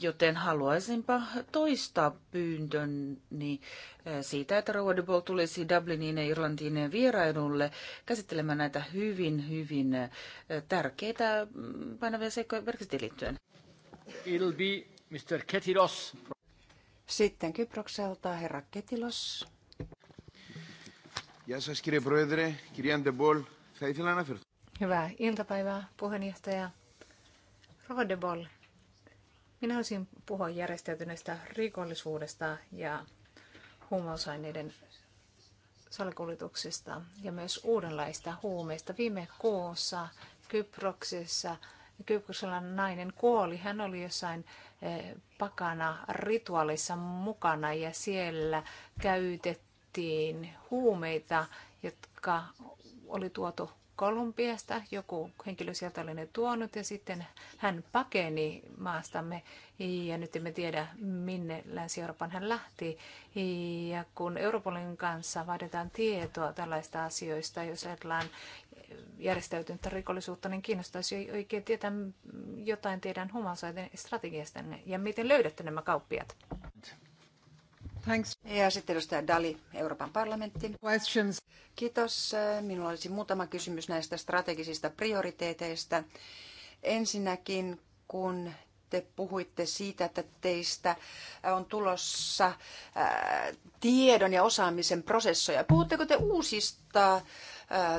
Joten haluaisinpa toistaa pyyntöni eh, siitä, että Rouva de Ball tulisi Dubliniin ja Irlantiin vierailulle käsittelemään näitä hyvin, hyvin eh, tärkeitä mm, painavia seikkoja Brexittiin liittyen. It'll be Mr. Ketilos. Sitten Kyprokselta herra Ketilos. Γεια σας κύριε Πρόεδρε, κυρία Ντεμπόλ, θα ήθελα να αναφερθώ. Hyvää iltapäivää, puheenjohtaja Rodebol. Minä haluaisin puhua järjestäytyneestä rikollisuudesta ja huumausaineiden salakuljetuksista ja myös uudenlaista huumeista. Viime kuussa Kyproksessa Kyproksella nainen kuoli. Hän oli jossain eh, pakana rituaalissa mukana ja siellä käytettiin huumeita, jotka oli tuotu Kolumbiasta. Joku henkilö sieltä oli ne tuonut ja sitten hän pakeni maastamme ja nyt emme tiedä minne Länsi-Euroopan hän lähti. Ja kun Europolin kanssa vaaditaan tietoa tällaista asioista, jos ajatellaan järjestäytynyttä rikollisuutta, niin kiinnostaisi oikein tietää jotain teidän humansoiden strategiasta ja miten löydätte nämä kauppiat. Thanks. Ja sitten edustaja Dali, Euroopan parlamentti. Questions. Kiitos. Minulla olisi muutama kysymys näistä strategisista prioriteeteista. Ensinnäkin, kun te puhuitte siitä, että teistä on tulossa äh, tiedon ja osaamisen prosessoja. Puhutteko te uusista äh,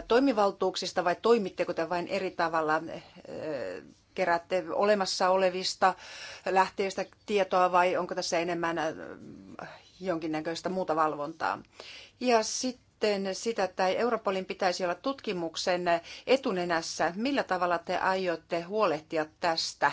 toimivaltuuksista vai toimitteko te vain eri tavalla? Äh, keräätte olemassa olevista lähteistä tietoa vai onko tässä enemmän jonkinnäköistä muuta valvontaa. Ja sitten sitä, että Europolin pitäisi olla tutkimuksen etunenässä. Millä tavalla te aiotte huolehtia tästä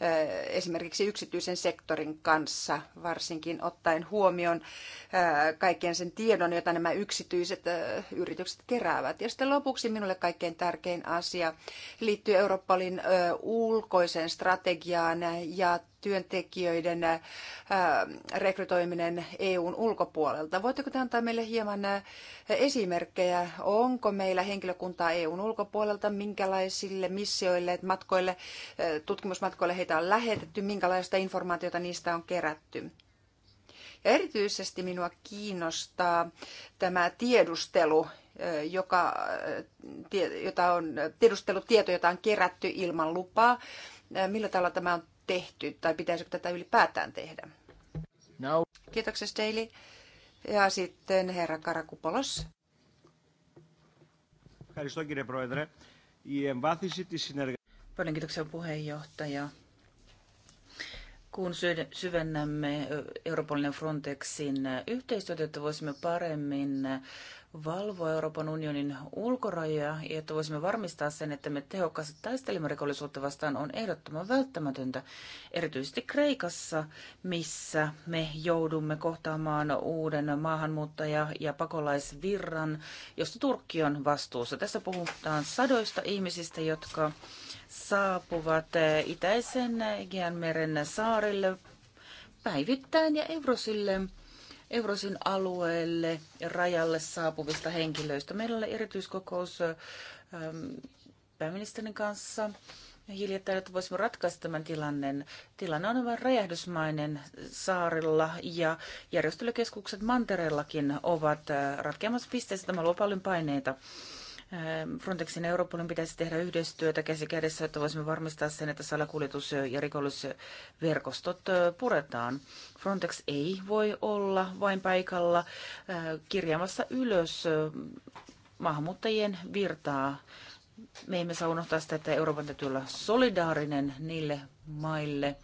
eh, esimerkiksi yksityisen sektorin kanssa, varsinkin ottaen huomioon eh, kaiken sen tiedon, jota nämä yksityiset eh, yritykset keräävät. Ja sitten lopuksi minulle kaikkein tärkein asia liittyy Europolin ulkoiseen strategiaan ja työntekijöiden rekrytoiminen EUn ulkopuolelta. Voitteko te antaa meille hieman esimerkkejä? Onko meillä henkilökuntaa EUn ulkopuolelta? Minkälaisille missioille, matkoille, tutkimusmatkoille heitä on lähetetty? Minkälaista informaatiota niistä on kerätty? Ja erityisesti minua kiinnostaa tämä tiedustelu, joka, jota on, tiedustelutieto, jota on kerätty ilman lupaa. Millä tavalla tämä on tehty, tai pitäisikö tätä ylipäätään tehdä? No. Kiitoksia Steili. Ja sitten herra Karakupolos. Paljon kiitoksia puheenjohtaja kun syvennämme Euroopan Frontexin yhteistyötä, että voisimme paremmin valvoa Euroopan unionin ulkorajoja ja että voisimme varmistaa sen, että me tehokkaasti taistelemme rikollisuutta vastaan, on ehdottoman välttämätöntä, erityisesti Kreikassa, missä me joudumme kohtaamaan uuden maahanmuuttaja- ja pakolaisvirran, josta Turkki on vastuussa. Tässä puhutaan sadoista ihmisistä, jotka saapuvat eh, itäisen Egeanmeren saarille päivittäin ja Eurosille, Eurosin alueelle ja rajalle saapuvista henkilöistä. Meillä oli erityiskokous eh, pääministerin kanssa hiljattain, että voisimme ratkaista tämän tilanteen. Tilanne on aivan räjähdysmainen saarilla ja järjestelykeskukset mantereellakin ovat eh, ratkeamassa pisteessä. Tämä luo paljon paineita Frontexin ja Europolin pitäisi tehdä yhteistyötä käsi kädessä, että voisimme varmistaa sen, että salakuljetus- ja rikollisverkostot puretaan. Frontex ei voi olla vain paikalla kirjaamassa ylös maahanmuuttajien virtaa. Me emme saa unohtaa sitä, että Euroopan täytyy olla solidaarinen niille maille,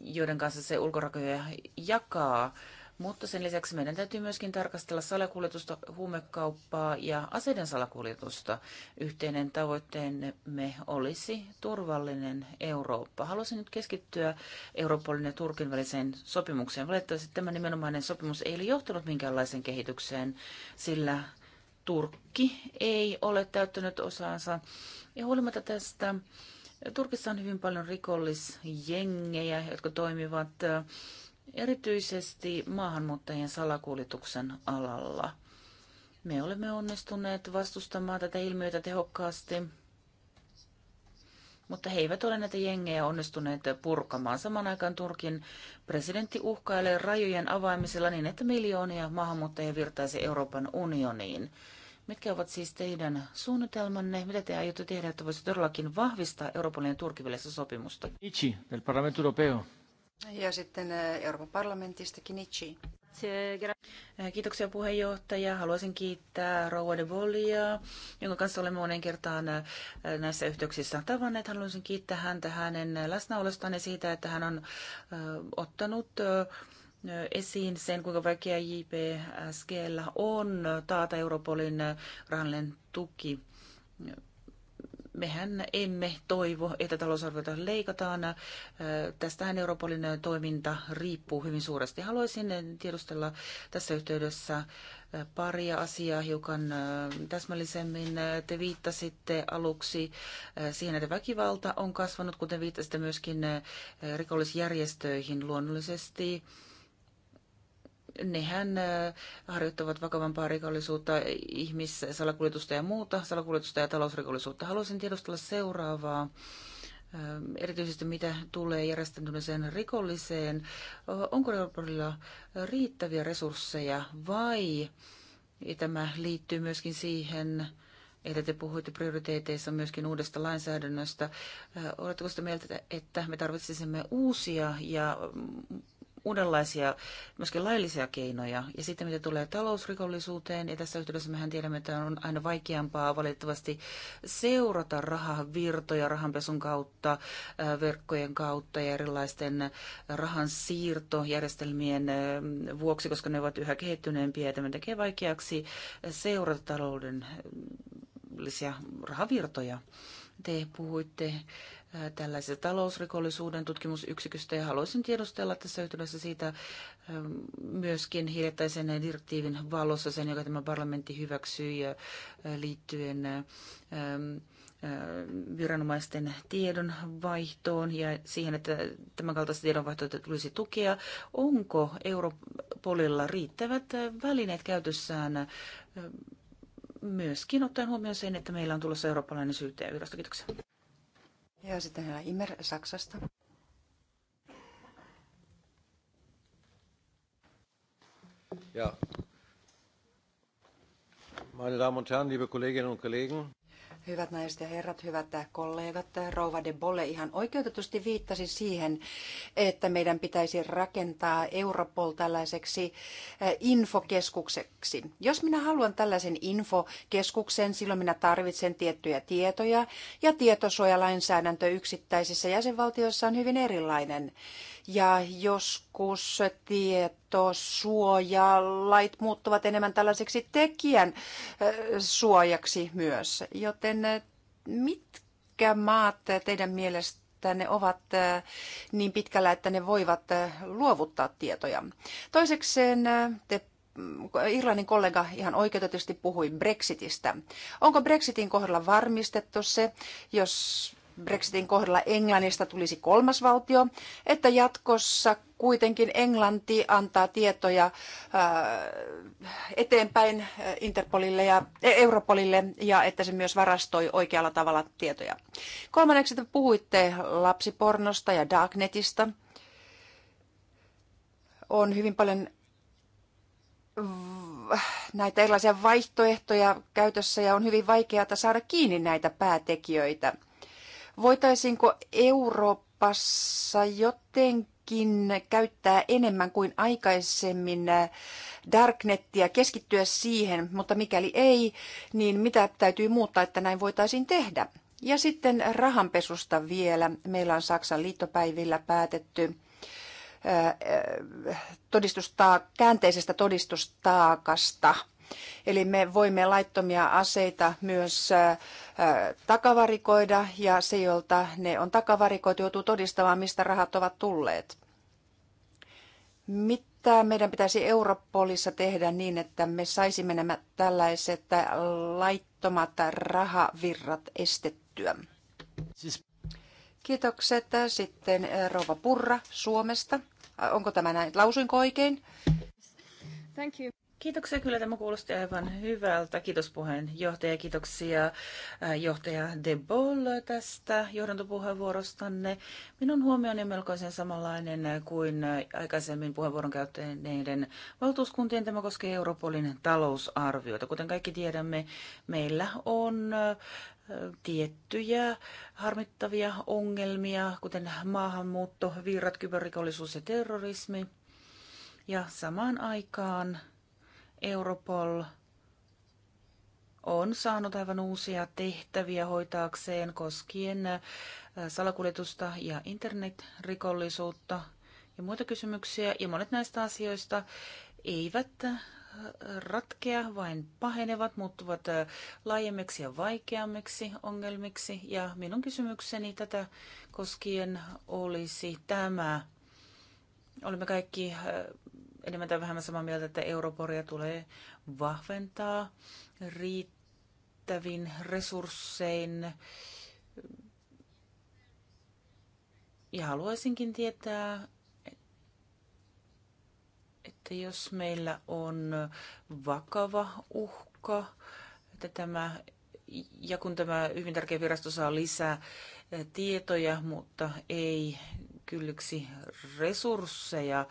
joiden kanssa se ulkorakoja jakaa mutta sen lisäksi meidän täytyy myöskin tarkastella salakuljetusta, huumekauppaa ja aseiden salakuljetusta. Yhteinen tavoitteemme olisi turvallinen Eurooppa. Haluaisin nyt keskittyä Euroopan ja Turkin väliseen sopimukseen. Valitettavasti tämä nimenomainen sopimus ei ole johtanut minkäänlaiseen kehitykseen, sillä Turkki ei ole täyttänyt osaansa. Ja huolimatta tästä Turkissa on hyvin paljon rikollisjengejä, jotka toimivat erityisesti maahanmuuttajien salakuljetuksen alalla. Me olemme onnistuneet vastustamaan tätä ilmiötä tehokkaasti, mutta he eivät ole näitä jengejä onnistuneet purkamaan. Saman aikaan Turkin presidentti uhkailee rajojen avaamisella niin, että miljoonia maahanmuuttajia virtaisi Euroopan unioniin. Mitkä ovat siis teidän suunnitelmanne? Mitä te aiotte tehdä, että voisitte todellakin vahvistaa Euroopan ja Turkin välistä sopimusta? Itse, del Parlamento Europeo. Ja sitten eh, Euroopan parlamentista Kinichi. Eh, kiitoksia puheenjohtaja. Haluaisin kiittää Rouva de Volia, jonka kanssa olemme monen kertaan eh, näissä yhteyksissä tavanneet. Haluaisin kiittää häntä hänen läsnäolostaan ja siitä, että hän on ottanut esiin sen, kuinka vaikea JPSGllä on taata Europolin rahallinen tuki mehän emme toivo, että talousarviota leikataan. Tästähän Europolin toiminta riippuu hyvin suuresti. Haluaisin tiedustella tässä yhteydessä paria asiaa hiukan täsmällisemmin. Te viittasitte aluksi siihen, että väkivalta on kasvanut, kuten viittasitte myöskin rikollisjärjestöihin luonnollisesti nehän harjoittavat vakavampaa rikollisuutta, ihmissalakuljetusta ja muuta, salakuljetusta ja talousrikollisuutta. Haluaisin tiedustella seuraavaa erityisesti mitä tulee järjestäytyneeseen rikolliseen. Onko Europolilla riittäviä resursseja vai tämä liittyy myöskin siihen, että te puhuitte prioriteeteissa myöskin uudesta lainsäädännöstä. Oletteko sitä mieltä, että me tarvitsisimme uusia ja uudenlaisia myöskin laillisia keinoja. Ja sitten mitä tulee talousrikollisuuteen, ja tässä yhteydessä mehän tiedämme, että on aina vaikeampaa valitettavasti seurata rahavirtoja rahanpesun kautta, äh, verkkojen kautta ja erilaisten rahan siirtojärjestelmien äh, vuoksi, koska ne ovat yhä kehittyneempiä ja tämä tekee vaikeaksi seurata talouden äh, rahavirtoja. Te puhuitte äh, tällaisesta talousrikollisuuden tutkimusyksiköstä ja haluaisin tiedustella tässä yhteydessä siitä äh, myöskin hiljattaisen direktiivin valossa sen, joka tämä parlamentti hyväksyi äh, liittyen viranomaisten tiedonvaihtoon ja siihen, että tämän kaltaista tiedonvaihtoa tulisi tukea. Onko Europolilla riittävät välineet käytössään myöskin ottaen huomioon sen, että meillä on tulossa eurooppalainen yhdestä. Kiitoksia. Ja sitten herra Imer Saksasta. Ja. Meine Damen und Herren, liebe Kolleginnen und Kollegen. Hyvät naiset ja herrat, hyvät kollegat, Rouva de Bolle ihan oikeutetusti viittasi siihen, että meidän pitäisi rakentaa Europol tällaiseksi eh, infokeskukseksi. Jos minä haluan tällaisen infokeskuksen, silloin minä tarvitsen tiettyjä tietoja ja tietosuojalainsäädäntö yksittäisissä jäsenvaltioissa on hyvin erilainen ja joskus tietosuojalait muuttuvat enemmän tällaiseksi tekijän suojaksi myös. Joten mitkä maat teidän mielestä ne ovat niin pitkällä, että ne voivat luovuttaa tietoja. Toisekseen te Irlannin kollega ihan oikeutetusti puhui Brexitistä. Onko Brexitin kohdalla varmistettu se, jos Brexitin kohdalla Englannista tulisi kolmas valtio, että jatkossa kuitenkin Englanti antaa tietoja äh, eteenpäin äh, Interpolille ja e, Europolille ja että se myös varastoi oikealla tavalla tietoja. Kolmanneksi te puhuitte lapsipornosta ja Darknetista. On hyvin paljon näitä erilaisia vaihtoehtoja käytössä ja on hyvin vaikeaa saada kiinni näitä päätekijöitä – Voitaisiinko Euroopassa jotenkin käyttää enemmän kuin aikaisemmin darknettia, keskittyä siihen, mutta mikäli ei, niin mitä täytyy muuttaa, että näin voitaisiin tehdä? Ja sitten rahanpesusta vielä. Meillä on Saksan liittopäivillä päätetty todistusta, käänteisestä todistustaakasta – Eli me voimme laittomia aseita myös takavarikoida ja se, jolta ne on takavarikoitu, joutuu todistamaan, mistä rahat ovat tulleet. Mitä meidän pitäisi Europolissa tehdä niin, että me saisimme nämä tällaiset laittomat rahavirrat estettyä? Siis- Kiitokset. Sitten Rova Purra Suomesta. Onko tämä näin? Lausuinko oikein? Thank you. Kiitoksia. Kyllä tämä kuulosti aivan hyvältä. Kiitos puheenjohtaja. Kiitoksia äh, johtaja De Bolle tästä johdantopuheenvuorostanne. Minun huomioni on melkoisen samanlainen kuin aikaisemmin puheenvuoron käyttäneiden valtuuskuntien. Tämä koskee Europolin talousarviota. Kuten kaikki tiedämme, meillä on äh, tiettyjä harmittavia ongelmia, kuten maahanmuutto, virrat, kyberrikollisuus ja terrorismi. Ja samaan aikaan Europol on saanut aivan uusia tehtäviä hoitaakseen koskien äh, salakuljetusta ja internetrikollisuutta ja muita kysymyksiä. Ja monet näistä asioista eivät äh, ratkea, vain pahenevat, muuttuvat äh, laajemmiksi ja vaikeammiksi ongelmiksi. Ja minun kysymykseni tätä koskien olisi tämä. Olemme kaikki enemmän tai vähemmän samaa mieltä, että Europoria tulee vahventaa riittävin resurssein. Ja haluaisinkin tietää, että jos meillä on vakava uhka, että tämä, ja kun tämä hyvin tärkeä virasto saa lisää eh, tietoja, mutta ei kylliksi resursseja,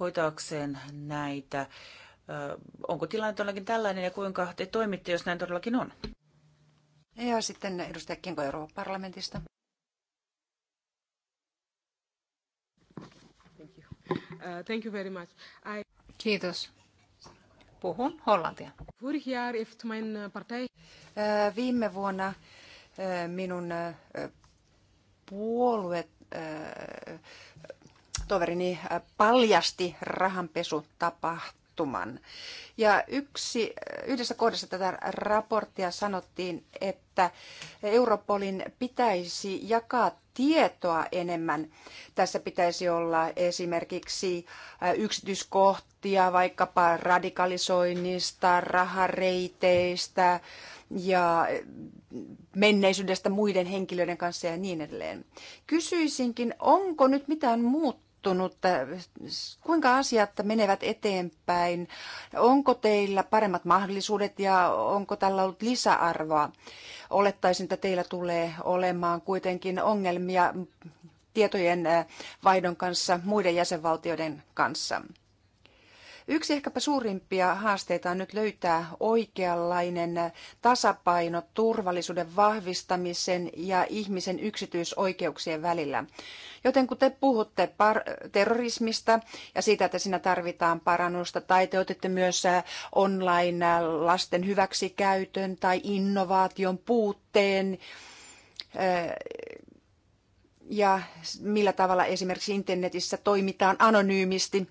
hoitaakseen näitä. Onko tilanne todellakin tällainen ja kuinka te toimitte, jos näin todellakin on? Ja sitten edustaja Kinko Euroopan parlamentista. thank you very much. I... Kiitos. Puhun hollantia. Eh, viime vuonna minun puolue toverini äh, paljasti rahanpesutapahtuman. Ja yksi, äh, yhdessä kohdassa tätä raporttia sanottiin, että Europolin pitäisi jakaa tietoa enemmän. Tässä pitäisi olla esimerkiksi äh, yksityiskohtia vaikkapa radikalisoinnista, rahareiteistä ja menneisyydestä muiden henkilöiden kanssa ja niin edelleen. Kysyisinkin, onko nyt mitään muuta muuttunut? Kuinka asiat menevät eteenpäin? Onko teillä paremmat mahdollisuudet ja onko tällä ollut lisäarvoa? Olettaisin, että teillä tulee olemaan kuitenkin ongelmia tietojen vaihdon kanssa muiden jäsenvaltioiden kanssa. Yksi ehkäpä suurimpia haasteita on nyt löytää oikeanlainen tasapaino turvallisuuden vahvistamisen ja ihmisen yksityisoikeuksien välillä. Joten kun te puhutte terrorismista ja siitä, että siinä tarvitaan parannusta, tai te otitte myös äh, online äh, lasten hyväksikäytön tai innovaation puutteen, äh, ja millä tavalla esimerkiksi internetissä toimitaan anonyymisti,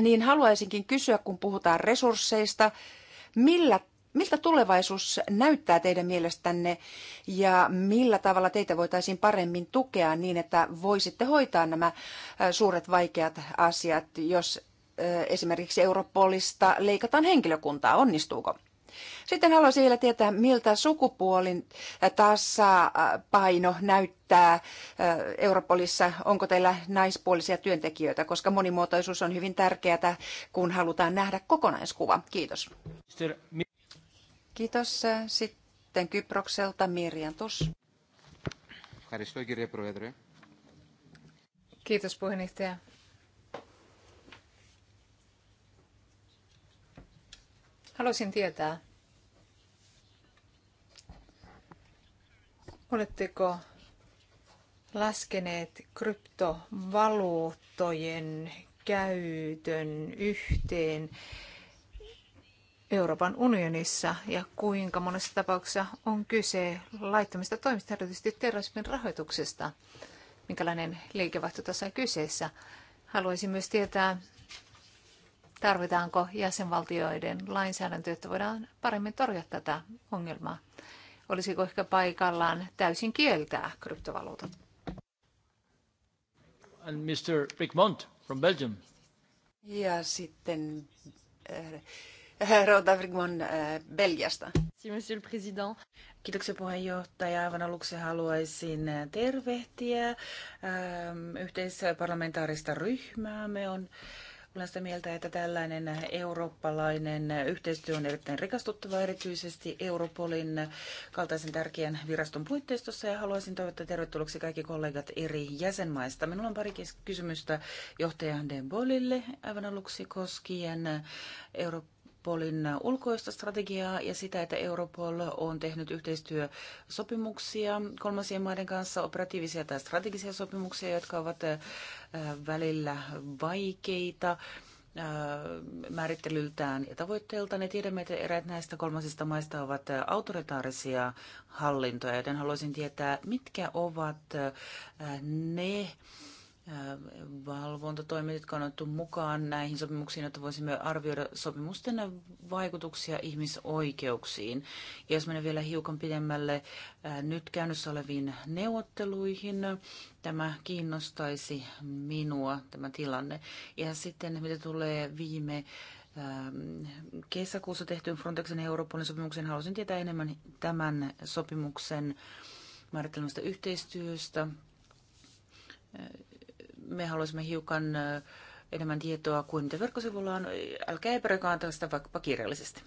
niin haluaisinkin kysyä, kun puhutaan resursseista, millä Miltä tulevaisuus näyttää teidän mielestänne ja millä tavalla teitä voitaisiin paremmin tukea niin, että voisitte hoitaa nämä suuret vaikeat asiat, jos esimerkiksi Europolista leikataan henkilökuntaa? Onnistuuko? Sitten haluaisin vielä tietää, miltä sukupuolin tasapaino näyttää äh, Europolissa. Onko teillä naispuolisia työntekijöitä, koska monimuotoisuus on hyvin tärkeää, kun halutaan nähdä kokonaiskuva. Kiitos. Kiitos. Sitten Kyprokselta Tus. Kiitos puheenjohtaja. Haluaisin tietää, oletteko laskeneet kryptovaluuttojen käytön yhteen Euroopan unionissa ja kuinka monessa tapauksessa on kyse laittomista toimista, erityisesti terrorismin rahoituksesta, minkälainen liikevaihto tässä on kyseessä. Haluaisin myös tietää, tarvitaanko jäsenvaltioiden lainsäädäntö, että voidaan paremmin torjua tätä ongelmaa? Olisiko ehkä paikallaan täysin kieltää kryptovaluutat? And Mr. Rickmont from Belgium. Ja sitten äh, eh, eh, Rota Rickmont äh, Belgiasta. Monsieur le Président. Kiitoksia puheenjohtaja. Aivan aluksi haluaisin tervehtiä ehm, yhteisparlamentaarista ryhmää. Me on äh, olen sitä mieltä, että tällainen eurooppalainen yhteistyö on erittäin rikastuttava erityisesti Europolin kaltaisen tärkeän viraston puitteistossa ja haluaisin toivottaa tervetulleeksi kaikki kollegat eri jäsenmaista. Minulla on pari kysymystä johtajan De Bolille aivan aluksi koskien Euroopan Europolin ulkoista strategiaa ja sitä, että Europol on tehnyt yhteistyösopimuksia kolmansien maiden kanssa, operatiivisia tai strategisia sopimuksia, jotka ovat äh, välillä vaikeita äh, määrittelyltään ja tavoitteiltaan. Ne tiedämme, että eräät näistä kolmansista maista ovat äh, autoritaarisia hallintoja, joten haluaisin tietää, mitkä ovat ne valvontatoimet, jotka on otettu mukaan näihin sopimuksiin, että voisimme arvioida sopimusten vaikutuksia ihmisoikeuksiin. Ja jos menen vielä hiukan pidemmälle nyt käynnissä oleviin neuvotteluihin, tämä kiinnostaisi minua, tämä tilanne. Ja sitten mitä tulee viime kesäkuussa tehtyyn Frontexin Euroopan sopimuksen, haluaisin tietää enemmän tämän sopimuksen määrittelemästä yhteistyöstä me haluaisimme hiukan enemmän tietoa kuin mitä verkkosivulla on. Älkää epäröikaan tästä vaikkapa kirjallisesti.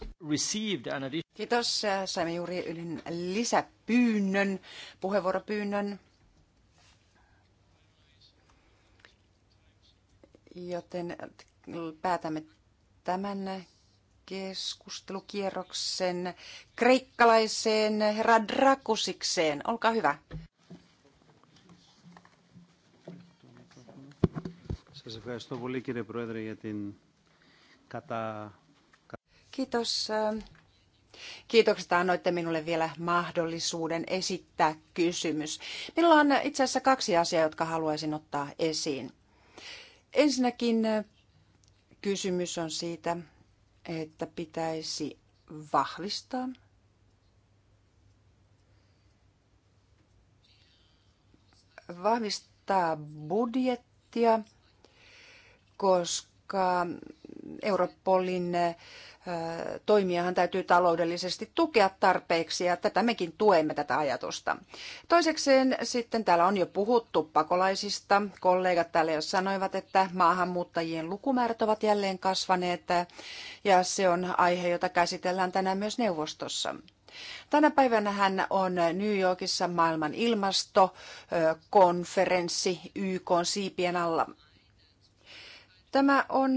Kiitos. Saimme juuri yhden lisäpyynnön, puheenvuoropyynnön. Joten päätämme tämän keskustelukierroksen kreikkalaiseen herra Drakusikseen. Olkaa hyvä. Σας ευχαριστώ πολύ κύριε Πρόεδρε για την κατά... Kiitos. Kiitokset, annoitte minulle vielä mahdollisuuden esittää kysymys. Minulla on itse asiassa kaksi asiaa, jotka haluaisin ottaa esiin. Ensinnäkin kysymys on siitä, että pitäisi vahvistaa vahvistaa budjettia – koska Europolin toimijahan täytyy taloudellisesti tukea tarpeeksi ja tätä mekin tuemme tätä ajatusta. Toisekseen sitten täällä on jo puhuttu pakolaisista. Kollegat täällä jo sanoivat, että maahanmuuttajien lukumäärät ovat jälleen kasvaneet ja se on aihe, jota käsitellään tänään myös neuvostossa. Tänä päivänä hän on New Yorkissa maailman ilmastokonferenssi YK siipien alla. Tämä on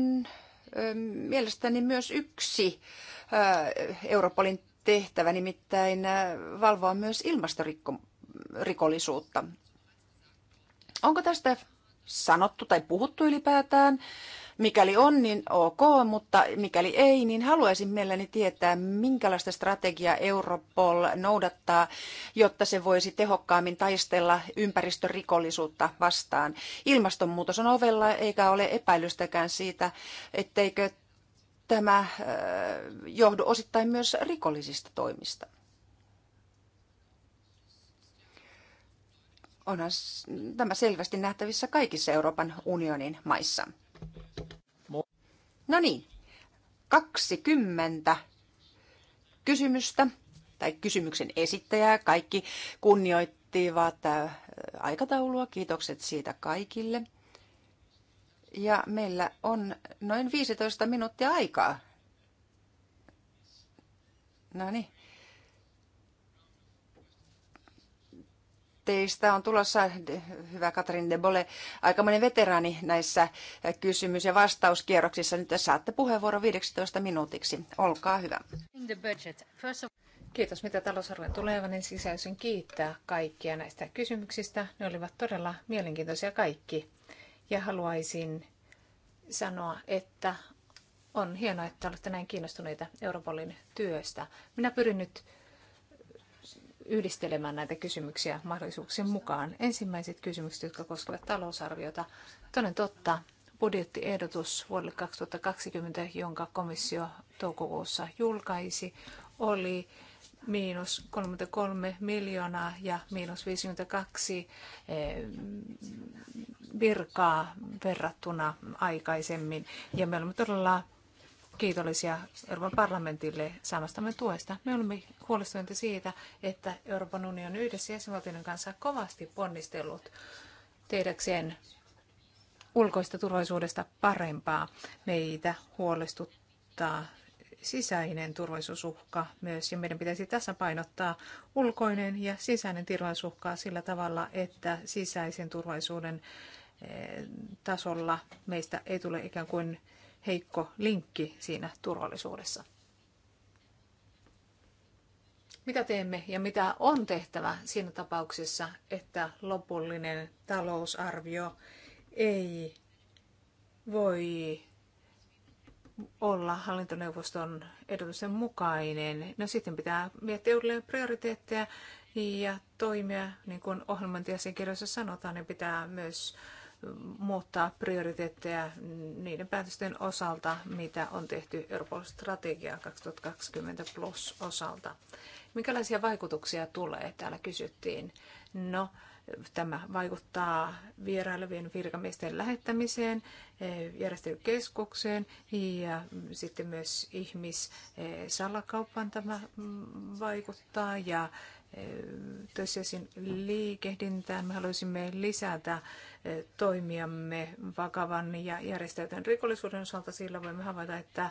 mielestäni myös yksi Europolin tehtävä, nimittäin valvoa myös ilmastorikollisuutta. Onko tästä sanottu tai puhuttu ylipäätään? Mikäli on, niin ok, mutta mikäli ei, niin haluaisin mielelläni tietää, minkälaista strategiaa Europol noudattaa, jotta se voisi tehokkaammin taistella ympäristörikollisuutta vastaan. Ilmastonmuutos on ovella, eikä ole epäilystäkään siitä, etteikö tämä äh, johdu osittain myös rikollisista toimista. Onhan tämä selvästi nähtävissä kaikissa Euroopan unionin maissa. No niin, 20 kysymystä tai kysymyksen esittäjää. Kaikki kunnioittivat äh, aikataulua. Kiitokset siitä kaikille. Ja meillä on noin 15 minuuttia aikaa. No niin, teistä on tulossa, hyvä Katrin de Bolle, aikamoinen veteraani näissä kysymys- ja vastauskierroksissa. Nyt saatte puheenvuoro 15 minuutiksi. Olkaa hyvä. Kiitos, mitä talousarvoin tulee, niin kiittää kaikkia näistä kysymyksistä. Ne olivat todella mielenkiintoisia kaikki. Ja haluaisin sanoa, että on hienoa, että olette näin kiinnostuneita Europolin työstä. Minä pyrin nyt yhdistelemään näitä kysymyksiä mahdollisuuksien mukaan. Ensimmäiset kysymykset, jotka koskevat talousarviota. Toden totta, budjettiehdotus vuodelle 2020, jonka komissio toukokuussa julkaisi, oli miinus 33 miljoonaa ja miinus 52 eh, virkaa verrattuna aikaisemmin. Ja me olemme todella kiitollisia Euroopan parlamentille saamastamme tuesta. Me olemme huolestuneita siitä, että Euroopan unioni on yhdessä jäsenvaltioiden kanssa kovasti ponnistellut tehdäkseen ulkoista turvallisuudesta parempaa. Meitä huolestuttaa sisäinen turvallisuusuhka myös, ja meidän pitäisi tässä painottaa ulkoinen ja sisäinen turvallisuusuhka sillä tavalla, että sisäisen turvallisuuden eh, tasolla meistä ei tule ikään kuin heikko linkki siinä turvallisuudessa. Mitä teemme ja mitä on tehtävä siinä tapauksessa, että lopullinen talousarvio ei voi olla hallintoneuvoston edutusten mukainen. No sitten pitää miettiä uudelleen prioriteetteja ja toimia, niin kuin ohjelmointiasiakirjoissa sanotaan, niin pitää myös muuttaa prioriteetteja niiden päätösten osalta, mitä on tehty Euroopan strategia 2020 plus osalta. Minkälaisia vaikutuksia tulee? Täällä kysyttiin. No, tämä vaikuttaa vierailevien virkamiesten lähettämiseen, eh, järjestelykeskukseen ja sitten myös ihmissalakauppaan tämä mm, vaikuttaa ja tosiasin liikehdintään. Me haluaisimme lisätä eh, toimiamme vakavan ja järjestäytyneen rikollisuuden osalta. Sillä voimme havaita, että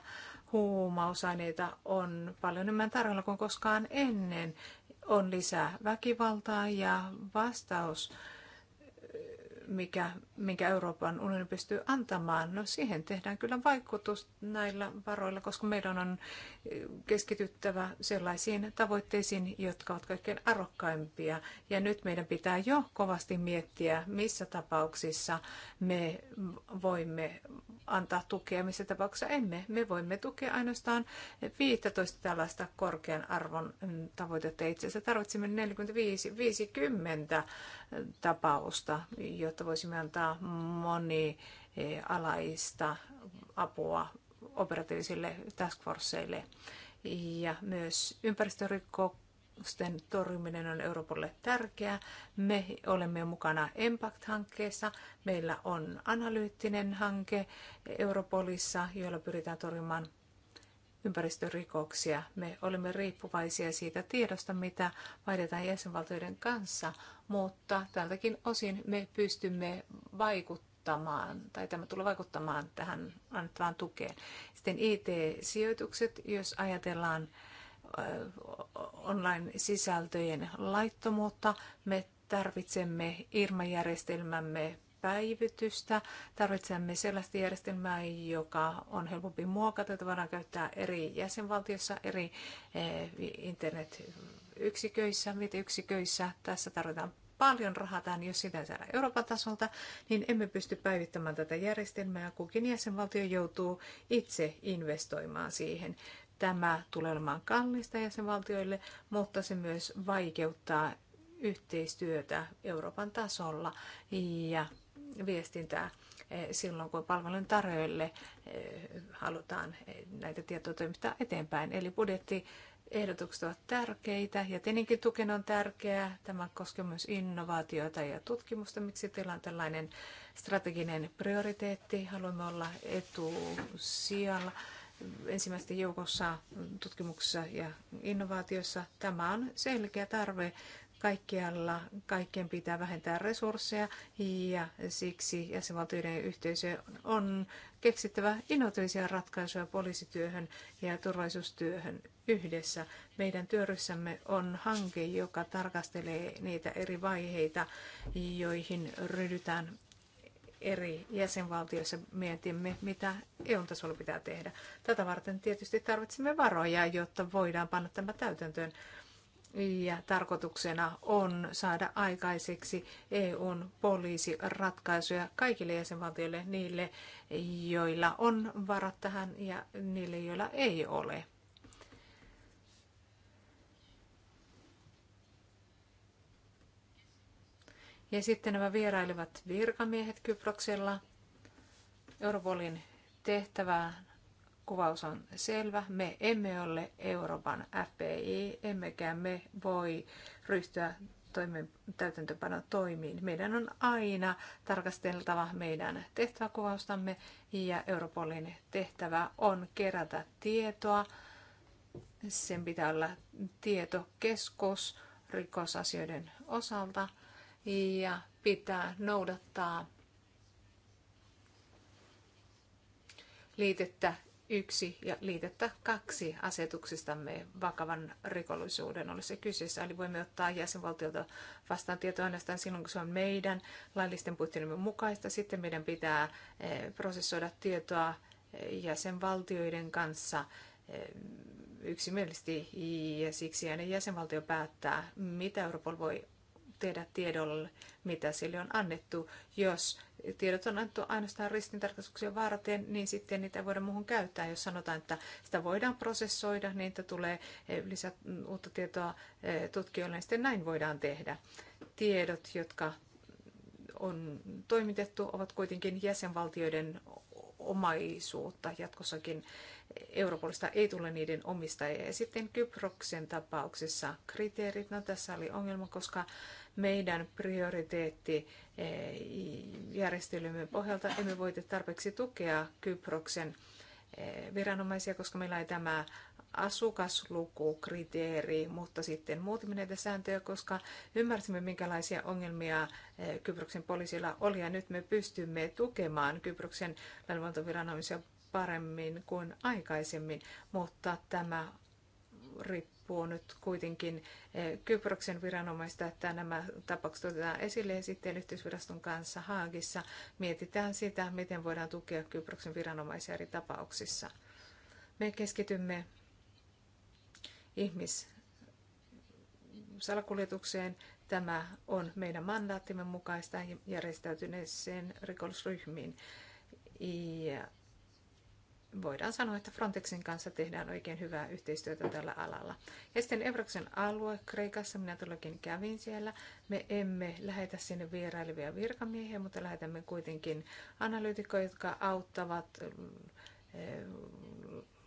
huumausaineita on paljon enemmän tarjolla kuin koskaan ennen. On lisää väkivaltaa ja vastaus mikä, minkä Euroopan unioni pystyy antamaan, no siihen tehdään kyllä vaikutus näillä varoilla, koska meidän on keskityttävä sellaisiin tavoitteisiin, jotka ovat kaikkein arvokkaimpia. Ja nyt meidän pitää jo kovasti miettiä, missä tapauksissa me voimme antaa tukea, missä tapauksessa emme. Me voimme tukea ainoastaan 15 tällaista korkean arvon tavoitetta. Itse asiassa tarvitsemme 45-50 tapausta, jotta voisimme antaa monialaista apua operatiivisille taskforceille. Ja myös ympäristörikkosten torjuminen on Euroopalle tärkeää. Me olemme mukana Impact-hankkeessa. Meillä on analyyttinen hanke Europolissa, jolla pyritään torjumaan ympäristörikoksia. Me olemme riippuvaisia siitä tiedosta, mitä vaihdetaan jäsenvaltioiden kanssa, mutta tältäkin osin me pystymme vaikuttamaan, tai tämä tulee vaikuttamaan tähän annettavaan tukeen. Sitten IT-sijoitukset, jos ajatellaan online-sisältöjen laittomuutta, me tarvitsemme IRMA-järjestelmämme päivitystä. Tarvitsemme sellaista järjestelmää, joka on helpompi muokata, että voidaan käyttää eri jäsenvaltiossa, eri eh, internetyksiköissä, yksiköissä. Tässä tarvitaan paljon rahaa tähän, jos sitä saada Euroopan tasolta, niin emme pysty päivittämään tätä järjestelmää. Kukin jäsenvaltio joutuu itse investoimaan siihen. Tämä tulee olemaan kallista jäsenvaltioille, mutta se myös vaikeuttaa yhteistyötä Euroopan tasolla ja viestintää eh, silloin, kun palvelun tarjoille eh, halutaan eh, näitä tietotoimintaa eteenpäin. Eli budjetti Ehdotukset ovat tärkeitä ja tietenkin tuken on tärkeää. Tämä koskee myös innovaatioita ja tutkimusta, miksi teillä on tällainen strateginen prioriteetti. Haluamme olla etusijalla ensimmäisten joukossa tutkimuksessa ja innovaatiossa. Tämä on selkeä tarve Kaikkialla kaikkien pitää vähentää resursseja ja siksi jäsenvaltioiden yhteisö on keksittävä innovatiivisia ratkaisuja poliisityöhön ja turvallisuustyöhön yhdessä. Meidän työryhmämme on hanke, joka tarkastelee niitä eri vaiheita, joihin ryhdytään eri jäsenvaltioissa mietimme, mitä EU-tasolla pitää tehdä. Tätä varten tietysti tarvitsemme varoja, jotta voidaan panna tämä täytäntöön ja tarkoituksena on saada aikaiseksi EUn poliisiratkaisuja kaikille jäsenvaltioille, niille joilla on varat tähän ja niille joilla ei ole. Ja sitten nämä vierailevat virkamiehet Kyproksella. Europolin tehtävään kuvaus on selvä. Me emme ole Euroopan FBI, emmekä me voi ryhtyä toimen, täytäntöpano toimiin. Meidän on aina tarkasteltava meidän tehtäväkuvaustamme ja Europolin tehtävä on kerätä tietoa. Sen pitää olla tietokeskus rikosasioiden osalta ja pitää noudattaa liitettä yksi ja liitettä kaksi asetuksistamme vakavan rikollisuuden olisi kyseessä. Eli voimme ottaa jäsenvaltiolta vastaan tietoa ainoastaan silloin, kun se on meidän laillisten puitteidemme mukaista. Sitten meidän pitää eh, prosessoida tietoa eh, jäsenvaltioiden kanssa eh, yksimielisesti ja siksi aina jäsenvaltio päättää, mitä Europol voi tehdä tiedolle, mitä sille on annettu. Jos tiedot on annettu ainoastaan ristintarkastuksia varten, niin sitten niitä voidaan muuhun käyttää. Jos sanotaan, että sitä voidaan prosessoida, niin että tulee eh, lisää mm, uutta tietoa eh, tutkijoille, niin sitten näin voidaan tehdä. Tiedot, jotka on toimitettu, ovat kuitenkin jäsenvaltioiden omaisuutta jatkossakin. Europolista ei tule niiden omistajia. Ja sitten Kyproksen tapauksessa kriteerit, no tässä oli ongelma, koska meidän prioriteetti eh, järjestelymme pohjalta emme voi tarpeeksi tukea Kyproksen eh, viranomaisia, koska meillä ei tämä asukaslukukriteeri, mutta sitten muutimme näitä sääntöjä, koska ymmärsimme, minkälaisia ongelmia eh, Kyproksen poliisilla oli, ja nyt me pystymme tukemaan Kyproksen lainvalvontaviranomaisia paremmin kuin aikaisemmin, mutta tämä riippuu nyt kuitenkin eh, Kyproksen viranomaista, että nämä tapaukset otetaan esille ja sitten yhteisviraston kanssa Haagissa mietitään sitä, miten voidaan tukea Kyproksen viranomaisia eri tapauksissa. Me keskitymme ihmissalakuljetukseen. Tämä on meidän mandaattimme mukaista järjestäytyneeseen rikollisryhmiin. Ja voidaan sanoa, että Frontexin kanssa tehdään oikein hyvää yhteistyötä tällä alalla. Ja sitten Evroksen alue Kreikassa, minä todellakin kävin siellä. Me emme lähetä sinne vierailevia virkamiehiä, mutta lähetämme kuitenkin analyytikkoja, jotka auttavat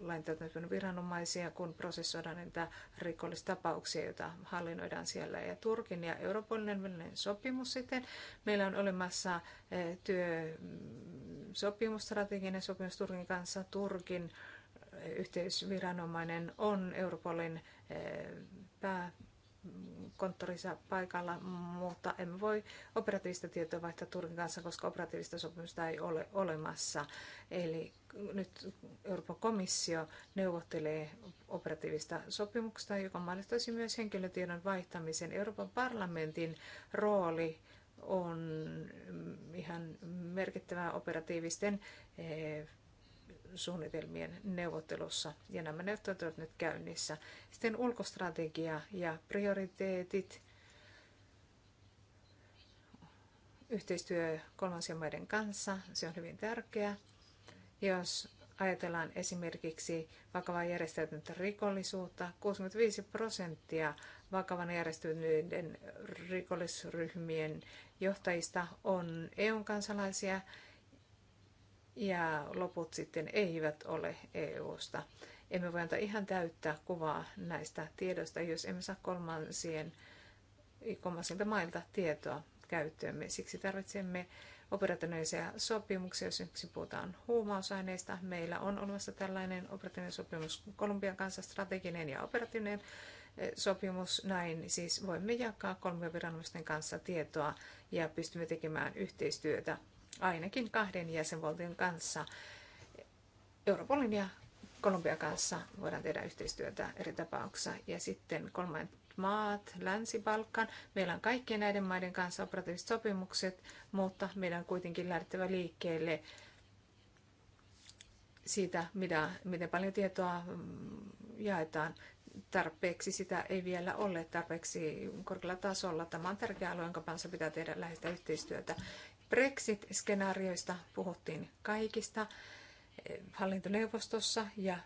laintäytäntöön viranomaisia, kun prosessoidaan niitä rikollistapauksia, joita hallinnoidaan siellä. Ja Turkin ja Euroopan välinen sopimus sitten. Meillä on olemassa eh, työsopimus, strateginen sopimus Turkin kanssa. Turkin eh, yhteisviranomainen on Europolin eh, pääkonttorissa paikalla, mutta emme voi operatiivista tietoa vaihtaa Turkin kanssa, koska operatiivista sopimusta ei ole olemassa. Eli nyt Euroopan komissio neuvottelee operatiivista sopimuksesta, joka mahdollistaisi myös henkilötiedon vaihtamisen. Euroopan parlamentin rooli on ihan merkittävää operatiivisten eh, suunnitelmien neuvottelussa, ja nämä neuvottelut ovat nyt käynnissä. Sitten ulkostrategia ja prioriteetit, yhteistyö kolmansien maiden kanssa, se on hyvin tärkeää. Jos ajatellaan esimerkiksi vakavaa järjestäytynyttä rikollisuutta, 65 prosenttia vakavan järjestäytyneiden rikollisryhmien johtajista on EU-kansalaisia ja loput sitten eivät ole EU-sta. Emme voi antaa ihan täyttää kuvaa näistä tiedoista, jos emme saa kolmansien, kolmansilta mailta tietoa käyttöömme. Siksi tarvitsemme operationaalisia sopimuksia, jos yksi puhutaan huumausaineista. Meillä on olemassa tällainen operatiivinen sopimus Kolumbian kanssa, strateginen ja operatiivinen eh, sopimus näin. Siis voimme jakaa Kolumbian viranomaisten kanssa tietoa ja pystymme tekemään yhteistyötä ainakin kahden jäsenvaltion kanssa. Europolin ja Kolumbian kanssa voidaan tehdä yhteistyötä eri tapauksissa. Ja sitten kolmannen maat, Länsi-Balkan. Meillä on kaikkien näiden maiden kanssa operatiiviset sopimukset, mutta meidän on kuitenkin lähdettävä liikkeelle siitä, mitä, miten paljon tietoa mm, jaetaan. Tarpeeksi sitä ei vielä ole tarpeeksi korkealla tasolla. Tämä on tärkeä alue, jonka kanssa pitää tehdä läheistä yhteistyötä. Brexit-skenaarioista puhuttiin kaikista eh, hallintoneuvostossa ja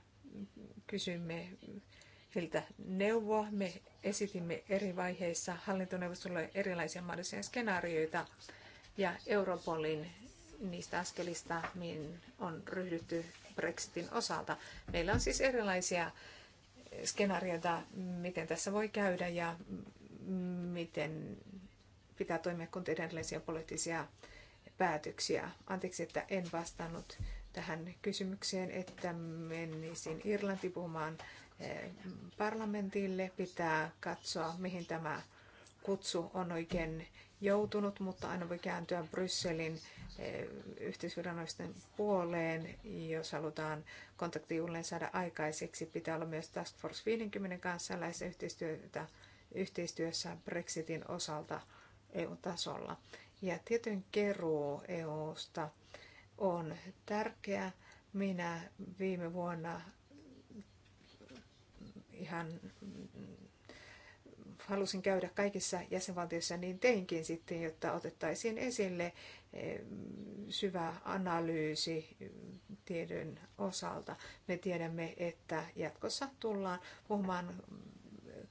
kysymme heiltä neuvoa. Me esitimme eri vaiheissa hallintoneuvostolle erilaisia mahdollisia skenaarioita ja Europolin niistä askelista, mihin on ryhdytty Brexitin osalta. Meillä on siis erilaisia skenaarioita, miten tässä voi käydä ja miten pitää toimia, kun tehdään erilaisia poliittisia päätöksiä. Anteeksi, että en vastannut tähän kysymykseen, että menisin Irlanti puhumaan parlamentille. Pitää katsoa, mihin tämä kutsu on oikein joutunut, mutta aina voi kääntyä Brysselin eh, yhteisviranomaisten puoleen, jos halutaan kontakti uudelleen saada aikaiseksi. Pitää olla myös Task Force 50 kanssa lähes yhteistyötä, yhteistyössä Brexitin osalta EU-tasolla. Ja tietyn keruu EU-sta on tärkeä. Minä viime vuonna ihan mm, halusin käydä kaikissa jäsenvaltioissa, niin teinkin sitten, jotta otettaisiin esille eh, syvä analyysi mm, tiedon osalta. Me tiedämme, että jatkossa tullaan puhumaan mm,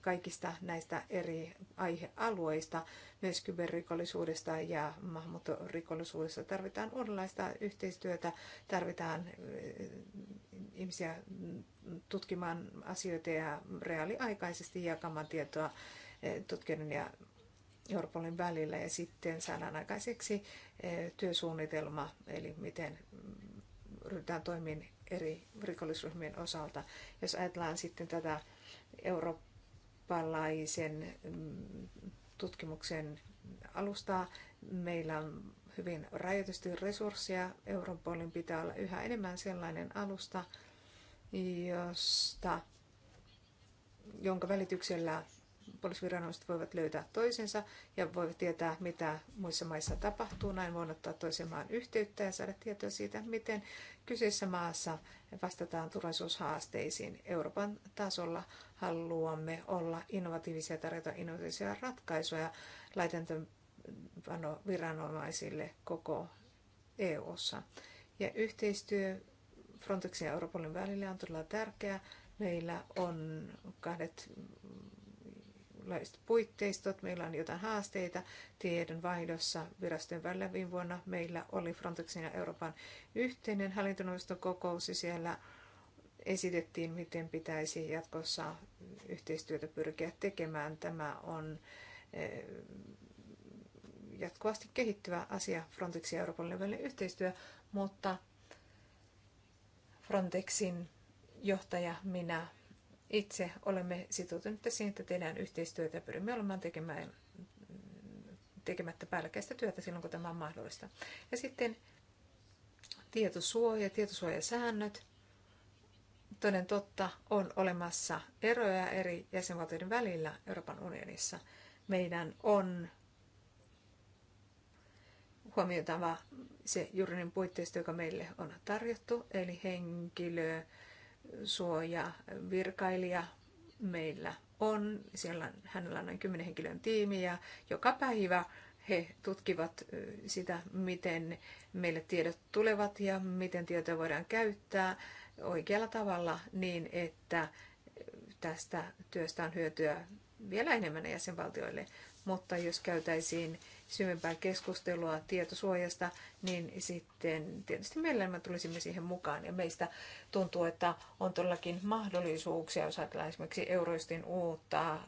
kaikista näistä eri aihealueista, myös kyberrikollisuudesta ja maahanmuuttorikollisuudesta. Tarvitaan uudenlaista yhteistyötä, tarvitaan eh, ihmisiä tutkimaan asioita ja reaaliaikaisesti jakamaan tietoa eh, tutkijoiden ja Europolin välillä ja sitten saadaan aikaiseksi eh, työsuunnitelma, eli miten ryhdytään toimiin eri rikollisryhmien osalta. Jos ajatellaan sitten tätä Eurooppaa, eurooppalaisen mm, tutkimuksen alustaa. Meillä on hyvin rajoitusti resursseja. Europolin pitää olla yhä enemmän sellainen alusta, josta, jonka välityksellä poliisiviranomaiset voivat löytää toisensa ja voivat tietää, mitä muissa maissa tapahtuu. Näin voi ottaa toisen maan yhteyttä ja saada tietoa siitä, miten kyseisessä maassa vastataan turvallisuushaasteisiin. Euroopan tasolla haluamme olla innovatiivisia, tarjota innovatiivisia ratkaisuja laitantöpano viranomaisille koko EU-ssa. Ja yhteistyö Frontexin ja Europolin välillä on todella tärkeää. Meillä on kahdet erilaiset puitteistot, meillä on jotain haasteita tiedon vaihdossa virastojen välillä. Viime vuonna meillä oli Frontexin ja Euroopan yhteinen hallintoneuvoston kokous ja siellä esitettiin, miten pitäisi jatkossa yhteistyötä pyrkiä tekemään. Tämä on e, jatkuvasti kehittyvä asia Frontexin ja Euroopan välinen yhteistyö, mutta Frontexin johtaja minä itse olemme sitoutuneet siihen, että tehdään yhteistyötä ja pyrimme olemaan tekemään, tekemättä päällekkäistä työtä silloin, kun tämä on mahdollista. Ja sitten tietosuoja, tietosuojasäännöt. Toden totta on olemassa eroja eri jäsenvaltioiden välillä Euroopan unionissa. Meidän on huomioitava se juridinen puitteisto, joka meille on tarjottu, eli henkilö, suoja virkailija meillä on. Siellä hänellä on noin 10 henkilön tiimi ja joka päivä he tutkivat sitä, miten meille tiedot tulevat ja miten tietoja voidaan käyttää oikealla tavalla niin, että tästä työstä on hyötyä vielä enemmän jäsenvaltioille. Mutta jos käytäisiin syvempää keskustelua tietosuojasta, niin sitten tietysti mielellämme tulisimme siihen mukaan. Ja meistä tuntuu, että on todellakin mahdollisuuksia, jos ajatellaan esimerkiksi Euroistin uutta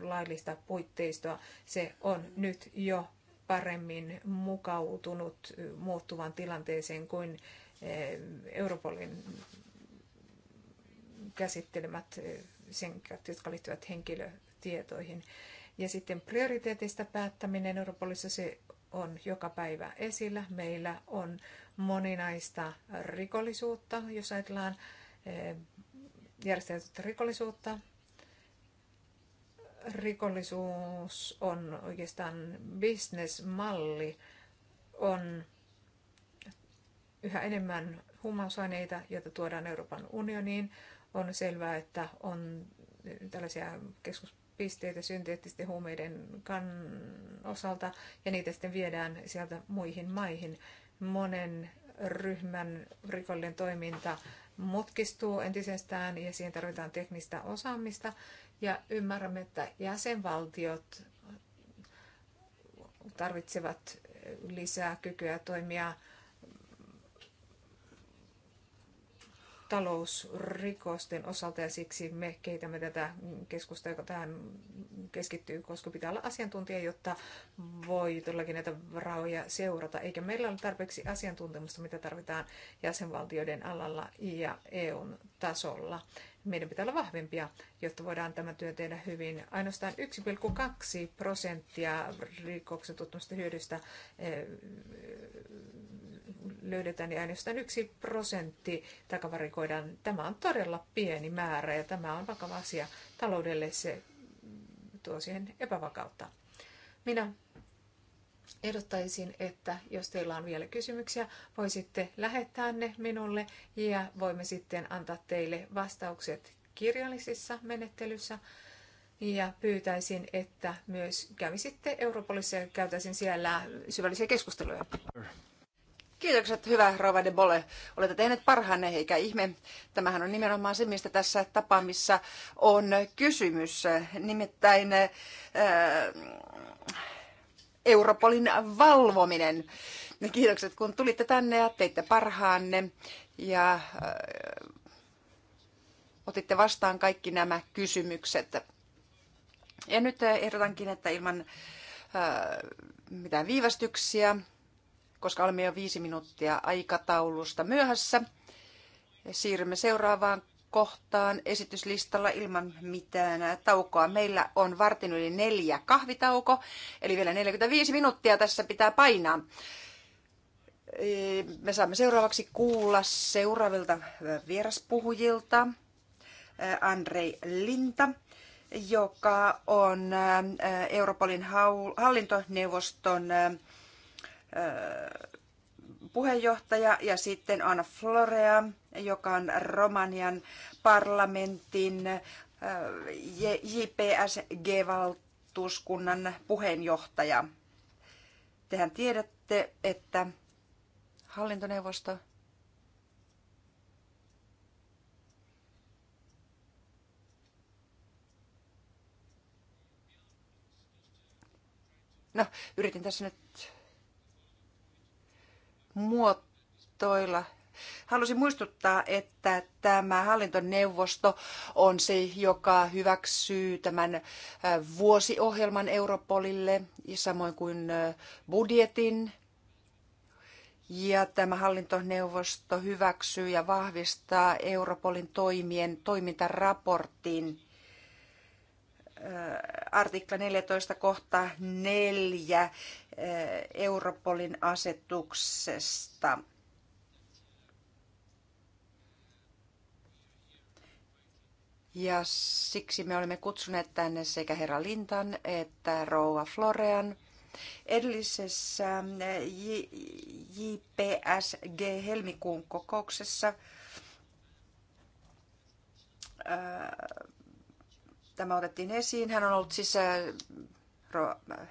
laillista puitteistoa. Se on nyt jo paremmin mukautunut muuttuvan tilanteeseen kuin eh, Europolin käsittelemät eh, sen, jotka liittyvät henkilötietoihin. Ja sitten prioriteetista päättäminen Europolissa se on joka päivä esillä. Meillä on moninaista rikollisuutta, jos ajatellaan eh, järjestäytynyttä rikollisuutta. Rikollisuus on oikeastaan bisnesmalli, on yhä enemmän huumausaineita, joita tuodaan Euroopan unioniin. On selvää, että on tällaisia keskus pisteitä synteettisten huumeiden osalta ja niitä sitten viedään sieltä muihin maihin. Monen ryhmän rikollinen toiminta mutkistuu entisestään ja siihen tarvitaan teknistä osaamista. Ja ymmärrämme, että jäsenvaltiot tarvitsevat lisää kykyä toimia talousrikosten osalta ja siksi me keitämme tätä keskusta, joka tähän keskittyy, koska pitää olla asiantuntija, jotta voi todellakin näitä rahoja seurata. Eikä meillä ole tarpeeksi asiantuntemusta, mitä tarvitaan jäsenvaltioiden alalla ja EUn tasolla. Meidän pitää olla vahvempia, jotta voidaan tämä työ tehdä hyvin. Ainoastaan 1,2 prosenttia rikoksen tutkimusten hyödystä eh, löydetään, niin ainoastaan yksi prosentti takavarikoidaan. Tämä on todella pieni määrä ja tämä on vakava asia taloudelle. Se tuo siihen epävakautta. Minä ehdottaisin, että jos teillä on vielä kysymyksiä, voisitte lähettää ne minulle ja voimme sitten antaa teille vastaukset kirjallisissa menettelyssä. Ja pyytäisin, että myös kävisitte Europolissa ja käytäisin siellä syvällisiä keskusteluja. Kiitokset, hyvä Rova de Bolle. Olette tehneet parhaanne, eikä ihme. Tämähän on nimenomaan se, mistä tässä tapaamissa on kysymys. Nimittäin äh, Europolin valvominen. Kiitokset, kun tulitte tänne ja teitte parhaanne ja äh, otitte vastaan kaikki nämä kysymykset. Ja nyt ehdotankin, että ilman äh, mitään viivästyksiä koska olemme jo viisi minuuttia aikataulusta myöhässä. Siirrymme seuraavaan kohtaan esityslistalla ilman mitään taukoa. Meillä on vartin yli neljä kahvitauko, eli vielä 45 minuuttia tässä pitää painaa. Me saamme seuraavaksi kuulla seuraavilta vieraspuhujilta Andrei Linta, joka on Europolin hallintoneuvoston puheenjohtaja ja sitten Anna Florea, joka on Romanian parlamentin JPSG-valtuuskunnan puheenjohtaja. Tehän tiedätte, että hallintoneuvosto No, yritin tässä nyt muotoilla Halusin muistuttaa, että tämä hallintoneuvosto on se, joka hyväksyy tämän äh, vuosiohjelman Europolille, samoin kuin äh, budjetin. Ja tämä hallintoneuvosto hyväksyy ja vahvistaa Europolin toimien toimintaraportin artikla 14 kohta 4 Europolin asetuksesta. Ja siksi me olemme kutsuneet tänne sekä herra Lintan että rouva Florean. Edellisessä JPSG helmikuun kokouksessa tämä otettiin esiin. Hän on ollut siis, äh, äh,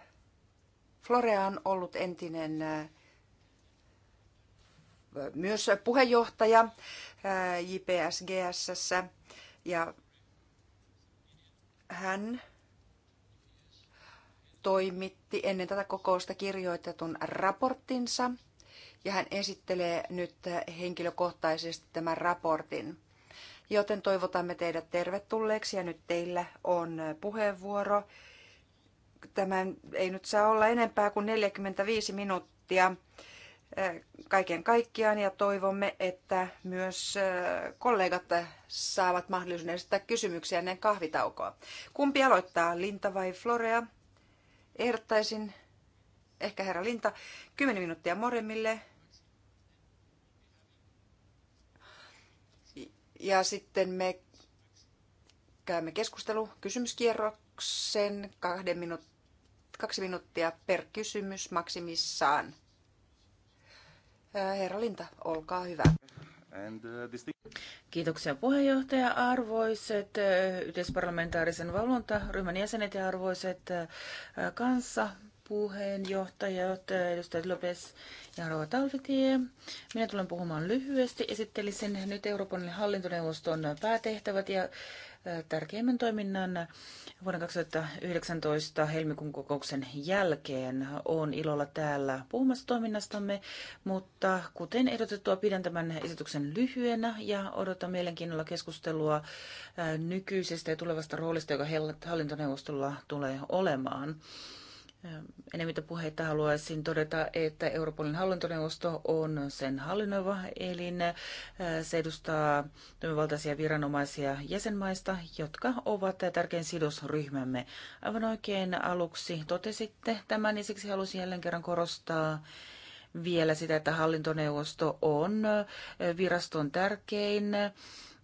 Florea ollut entinen äh, myös puheenjohtaja JPSGSS ja hän toimitti ennen tätä kokousta kirjoitetun raporttinsa ja hän esittelee nyt henkilökohtaisesti tämän raportin joten toivotamme teidät tervetulleeksi ja nyt teillä on puheenvuoro. Tämä ei nyt saa olla enempää kuin 45 minuuttia eh, kaiken kaikkiaan ja toivomme, että myös eh, kollegat saavat mahdollisuuden esittää kysymyksiä ennen kahvitaukoa. Kumpi aloittaa, Linta vai Florea? Ehdottaisin ehkä herra Linta 10 minuuttia moremmille, Ja sitten me käymme keskustelu kysymyskierroksen kahden minuut, kaksi minuuttia per kysymys maksimissaan. Äh, herra Linta, olkaa hyvä. Äh, Kiitoksia puheenjohtaja, arvoiset äh, yhteisparlamentaarisen valvontaryhmän jäsenet ja arvoiset kanssa puheenjohtajat, äh, edustajat Lopes ja Rova Talvitie. Minä tulen puhumaan lyhyesti. Esittelisin nyt Euroopan hallintoneuvoston päätehtävät ja äh, tärkeimmän toiminnan vuoden 2019 helmikuun kokouksen jälkeen. on ilolla täällä puhumassa toiminnastamme, mutta kuten ehdotettua pidän tämän esityksen lyhyenä ja odotan mielenkiinnolla keskustelua äh, nykyisestä ja tulevasta roolista, joka hallintoneuvostolla tulee olemaan puheita haluaisin todeta, että Euroopan hallintoneuvosto on sen hallinnoiva elin. Se edustaa toimivaltaisia viranomaisia jäsenmaista, jotka ovat tärkein sidosryhmämme. Aivan oikein aluksi totesitte tämän, niin siksi halusin jälleen kerran korostaa vielä sitä, että hallintoneuvosto on viraston tärkein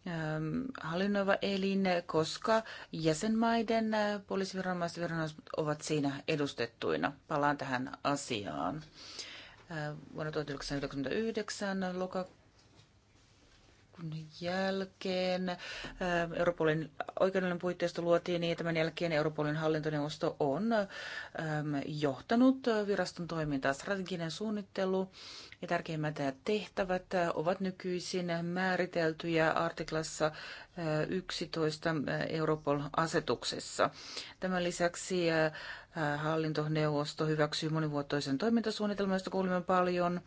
Ähm, hallinnoiva elin, koska jäsenmaiden äh, poliisiviranomaiset ovat siinä edustettuina. Palaan tähän asiaan. Äh, vuonna 1999 lokakuuta kun jälkeen äh, Europolin oikeudellinen puitteisto luotiin, niin tämän jälkeen Europolin hallintoneuvosto on ähm, johtanut viraston toimintaa. Strateginen suunnittelu ja tärkeimmät tehtävät ovat nykyisin määriteltyjä artiklassa 11 äh, äh, Europol-asetuksessa. Tämän lisäksi hallintoneuvosto hyväksyy monivuotoisen toimintasuunnitelman, josta kuulimme paljon,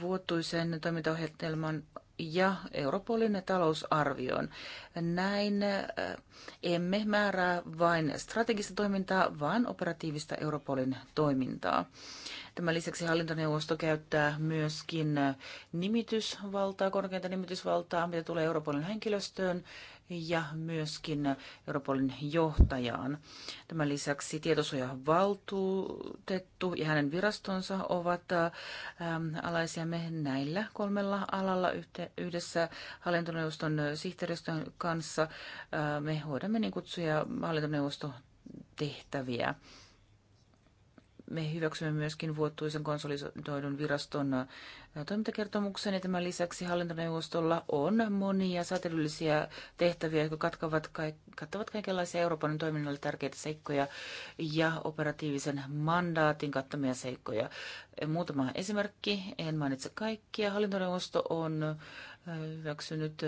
vuotuisen toimintaohjelman ja Europolin talousarvioon. Näin äh, emme määrää vain strategista toimintaa, vaan operatiivista Europolin toimintaa. Tämän lisäksi hallintoneuvosto käyttää myöskin nimitysvaltaa, korkeinta nimitysvaltaa, mitä tulee Europolin henkilöstöön ja myöskin Europolin johtajaan. Tämän lisäksi tietosuojan valtuutettu ja hänen virastonsa ovat ähm, alaisiamme näillä kolmella alalla yhdessä hallintoneuvoston sihteeristön kanssa. Äh, me hoidamme niin kutsuja hallintoneuvosto tehtäviä me hyväksymme myöskin vuotuisen konsolidoidun viraston äh, toimintakertomuksen, ja tämän lisäksi hallintoneuvostolla on monia säätelyllisiä tehtäviä, jotka katkavat, kattavat kaikenlaisia Euroopan toiminnalle tärkeitä seikkoja ja operatiivisen mandaatin kattamia seikkoja. Muutama esimerkki, en mainitse kaikkia. Hallintoneuvosto on hyväksynyt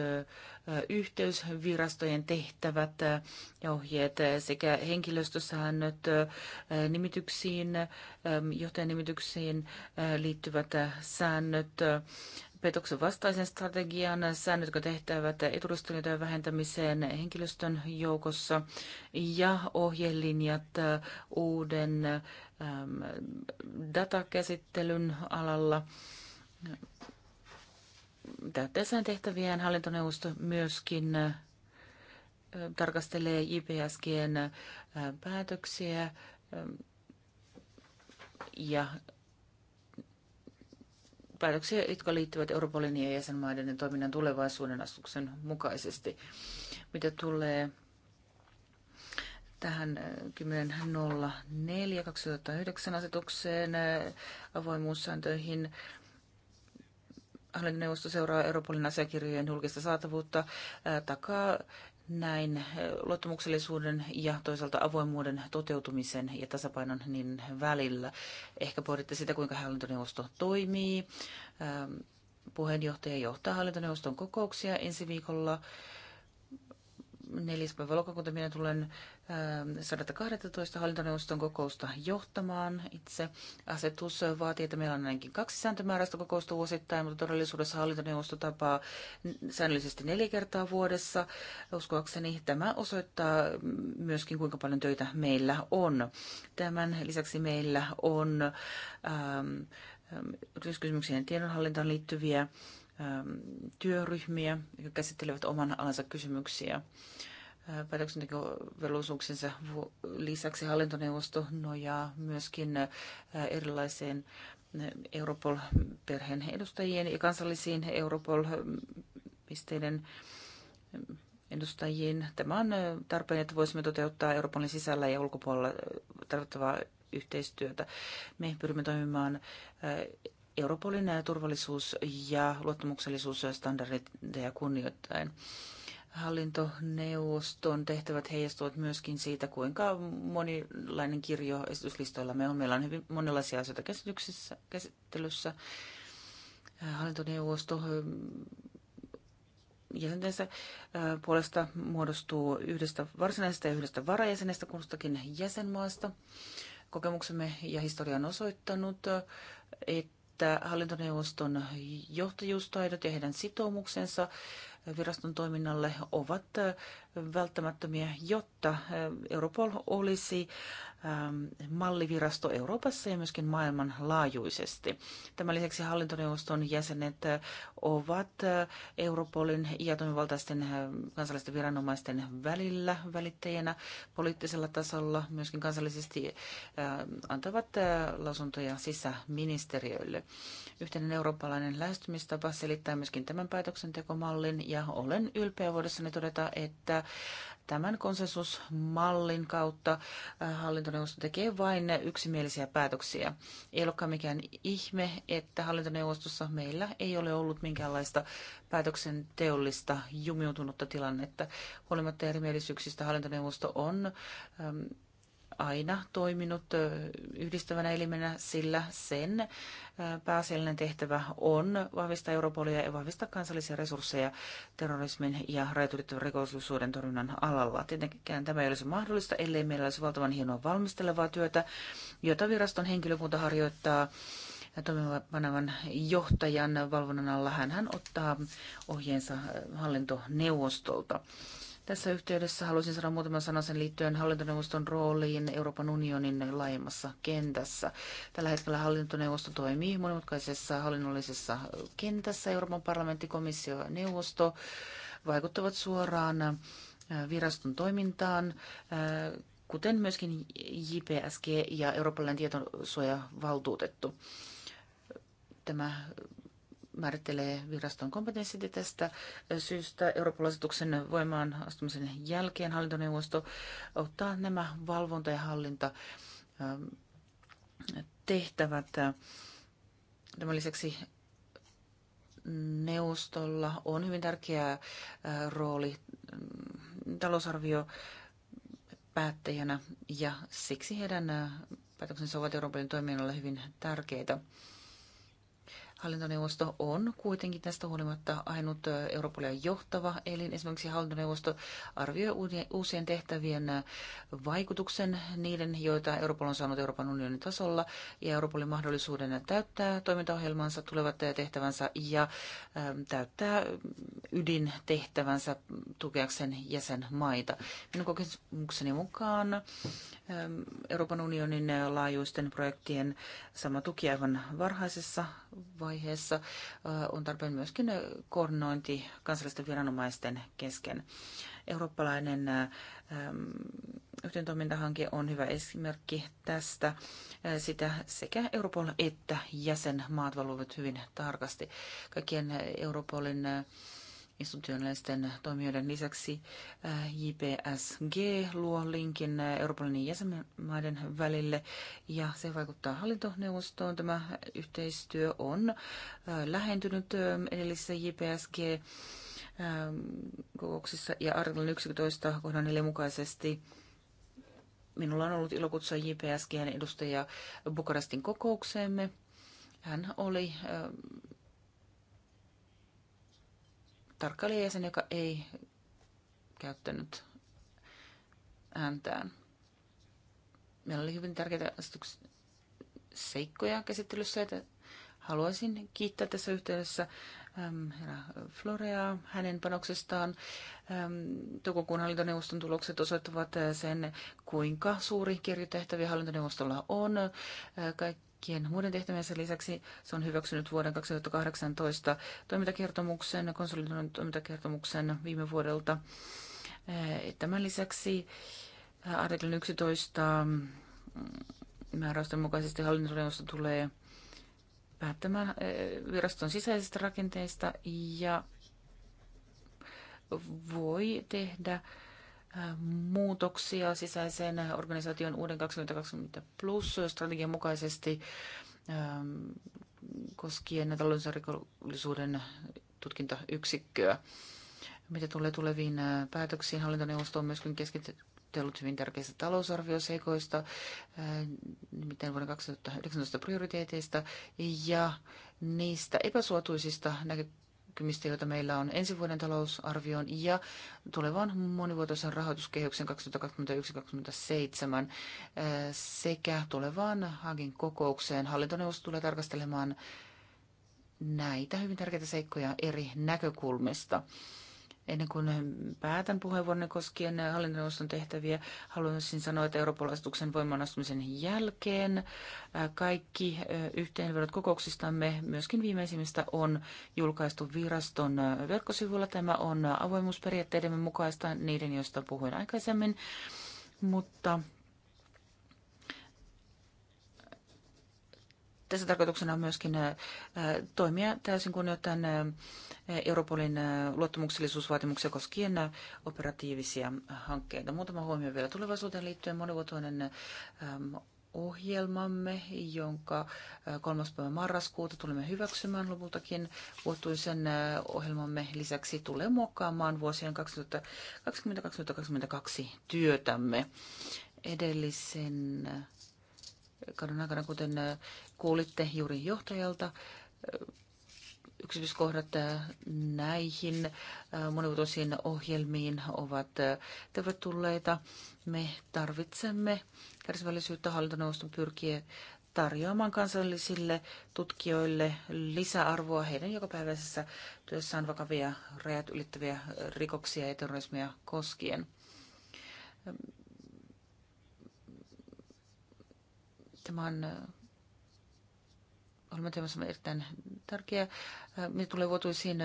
yhteysvirastojen tehtävät ja ohjeet sekä henkilöstösäännöt nimityksiin, nimityksiin liittyvät säännöt, petoksen vastaisen strategian säännöt, jotka tehtävät eturistiriitojen vähentämiseen henkilöstön joukossa ja ohjelinjat uuden äm, datakäsittelyn alalla täyttäessään tehtäviään hallintoneuvosto myöskin tarkastelee JPSGn päätöksiä ja päätöksiä, jotka liittyvät Euroopan ja jäsenmaiden toiminnan tulevaisuuden asuksen mukaisesti. Mitä tulee tähän 10.04.2009 asetukseen avoimuussääntöihin, hallintoneuvosto seuraa Europolin asiakirjojen julkista saatavuutta, takaa näin luottamuksellisuuden ja toisaalta avoimuuden toteutumisen ja tasapainon niin välillä. Ehkä pohditte sitä, kuinka hallintoneuvosto toimii. Puheenjohtaja johtaa hallintoneuvoston kokouksia ensi viikolla 4. päivä lokakuuta minä tulen 112 ähm, hallintoneuvoston kokousta johtamaan itse. Asetus vaatii, että meillä on ainakin kaksi sääntömääräistä kokousta vuosittain, mutta todellisuudessa hallintoneuvosto tapaa säännöllisesti neljä kertaa vuodessa. Uskoakseni tämä osoittaa myöskin, kuinka paljon töitä meillä on. Tämän lisäksi meillä on ähm, yksityiskysymyksien tiedonhallintaan liittyviä Ähm, työryhmiä, jotka käsittelevät oman alansa kysymyksiä. Äh, Päätöksentekovelvollisuuksensa lisäksi hallintoneuvosto nojaa myöskin äh, erilaiseen äh, Europol-perheen edustajien ja kansallisiin Europol-pisteiden edustajiin. Tämä on tarpeen, että voisimme toteuttaa Euroopan sisällä ja ulkopuolella tarvittavaa yhteistyötä. Me pyrimme toimimaan Europolin turvallisuus- ja luottamuksellisuusstandardeja kunnioittain. Hallintoneuvoston tehtävät heijastuvat myöskin siitä, kuinka monilainen kirjo esityslistoilla me on. Meillä on hyvin monenlaisia asioita käsittelyssä. Hallintoneuvosto jäsentensä puolesta muodostuu yhdestä varsinaisesta ja yhdestä varajäsenestä kunstakin jäsenmaasta. Kokemuksemme ja historia on osoittanut, että että hallintoneuvoston johtajuustaidot ja heidän sitoumuksensa viraston toiminnalle ovat välttämättömiä, jotta äh, Europol olisi ähm, mallivirasto Euroopassa ja myöskin maailmanlaajuisesti. Tämän lisäksi hallintoneuvoston jäsenet äh, ovat äh, Europolin ja toimivaltaisten kansallisten viranomaisten välillä välittäjänä poliittisella tasolla, myöskin kansallisesti antavat lausuntoja sisäministeriöille. Yhteinen eurooppalainen lähestymistapa selittää myöskin tämän päätöksentekomallin ja olen ylpeä vuodessani todeta, että tämän konsensusmallin kautta äh, hallintoneuvosto tekee vain yksimielisiä päätöksiä. Ei olekaan mikään ihme, että hallintoneuvostossa meillä ei ole ollut minkäänlaista päätöksenteollista jumiutunutta tilannetta. Huolimatta erimielisyyksistä hallintoneuvosto on ähm, aina toiminut yhdistävänä elimenä, sillä sen pääasiallinen tehtävä on vahvistaa Europolia ja vahvistaa kansallisia resursseja terrorismin ja rajoitettavan rikollisuuden torjunnan alalla. Tietenkään tämä ei olisi mahdollista, ellei meillä olisi valtavan hienoa valmistelevaa työtä, jota viraston henkilökunta harjoittaa toimivan johtajan valvonnan alla. Hän ottaa ohjeensa hallintoneuvostolta. Tässä yhteydessä haluaisin sanoa muutaman sanan sen liittyen hallintoneuvoston rooliin Euroopan unionin laajemmassa kentässä. Tällä hetkellä hallintoneuvosto toimii monimutkaisessa hallinnollisessa kentässä. Euroopan parlamentti, komissio ja neuvosto vaikuttavat suoraan äh, viraston toimintaan, äh, kuten myöskin JPSG ja Eurooppalainen tietosuojavaltuutettu. Tämä määrittelee viraston kompetenssit tästä syystä Euroopan voimaan astumisen jälkeen hallintoneuvosto ottaa nämä valvonta- ja hallintatehtävät. Ähm, Tämän lisäksi neuvostolla on hyvin tärkeä äh, rooli mm, talousarvio päättäjänä ja siksi heidän äh, päätöksensä ovat Euroopan toiminnalle hyvin tärkeitä. Hallintoneuvosto on kuitenkin tästä huolimatta ainut Euroopan johtava elin. Esimerkiksi hallintoneuvosto arvioi uusien tehtävien vaikutuksen niiden, joita Euroopan on saanut Euroopan unionin tasolla, ja Euroopan mahdollisuuden täyttää toimintaohjelmansa, tulevat tehtävänsä ja täyttää ydintehtävänsä tukeakseen jäsenmaita. Minun kokemukseni mukaan Euroopan unionin laajuisten projektien sama tuki aivan varhaisessa vaiheessa aiheessa. on tarpeen myöskin koordinointi kansallisten viranomaisten kesken. Eurooppalainen yhteentoimintahanke on hyvä esimerkki tästä. Sitä sekä Europol että jäsenmaat valvovat hyvin tarkasti. Kaikkien Europolin institutionaalisten toimijoiden lisäksi äh, JPSG luo linkin äh, Euroopan jäsenmaiden välille ja se vaikuttaa hallintoneuvostoon. Tämä yhteistyö on äh, lähentynyt ähm, edellisessä JPSG ähm, kokouksissa ja artiklan 11 kohdan 4 mukaisesti Minulla on ollut ilo kutsua JPSGn edustaja Bukarestin kokoukseemme. Hän oli ähm, tarkkailijajäsen, joka ei käyttänyt ääntään. Meillä oli hyvin tärkeitä seikkoja käsittelyssä, että haluaisin kiittää tässä yhteydessä ähm, herra Florea hänen panoksestaan. Ähm, toukokuun hallintoneuvoston tulokset osoittavat sen, kuinka suuri kirjotehtäviä hallintoneuvostolla on. Äh, Kaikki kaikkien muiden tehtävänsä lisäksi se on hyväksynyt vuoden 2018 toimintakertomuksen, konsolidoinnin toimintakertomuksen viime vuodelta. Tämän lisäksi artiklan 11 mm, määräysten mukaisesti hallintoneuvosto tulee päättämään viraston sisäisistä rakenteista ja voi tehdä Äh, muutoksia sisäisen organisaation uuden 2020 plus strategian mukaisesti ähm, koskien talousrikollisuuden tutkintayksikköä. Mitä tulee tuleviin äh, päätöksiin, hallintoneuvosto on myöskin keskustellut hyvin tärkeistä talousarvioseikoista, äh, nimittäin vuoden 2019 prioriteeteista ja niistä epäsuotuisista näkökulmista näkymistä, joita meillä on ensi vuoden talousarvioon ja tulevan monivuotoisen rahoituskehyksen 2021-2027 eh, sekä tulevaan Hagin kokoukseen. Hallintoneuvosto tulee tarkastelemaan näitä hyvin tärkeitä seikkoja eri näkökulmista. Ennen kuin päätän puheenvuoron koskien hallintoneuvoston tehtäviä, haluaisin sanoa, että eurooppalaistuksen voimaanastumisen jälkeen äh, kaikki äh, yhteenvedot kokouksistamme, myöskin viimeisimmistä, on julkaistu viraston äh, verkkosivuilla. Tämä on avoimuusperiaatteidemme mukaista, niiden joista puhuin aikaisemmin, mutta Tässä tarkoituksena on myöskin äh, toimia täysin kunnioittain äh, Europolin äh, luottamuksellisuusvaatimuksia koskien operatiivisia hankkeita. Muutama huomio vielä tulevaisuuteen liittyen. Monivuotoinen ähm, ohjelmamme, jonka 3. päivä marraskuuta tulemme hyväksymään lopultakin vuotuisen ohjelmamme lisäksi tulee muokkaamaan vuosien 2020-2022 työtämme. Edellisen kauden aikana, kuten äh, kuulitte juuri johtajalta. Äh, yksityiskohdat äh, näihin monivuotoisiin ohjelmiin ovat tervetulleita. Me tarvitsemme kärsivällisyyttä hallintoneuvoston pyrkiä tarjoamaan kansallisille tutkijoille lisäarvoa heidän jokapäiväisessä työssään vakavia rajat ylittäviä rikoksia ja terrorismia koskien. Tämä on olemme teemassa erittäin tärkeä. Me tulee vuotuisiin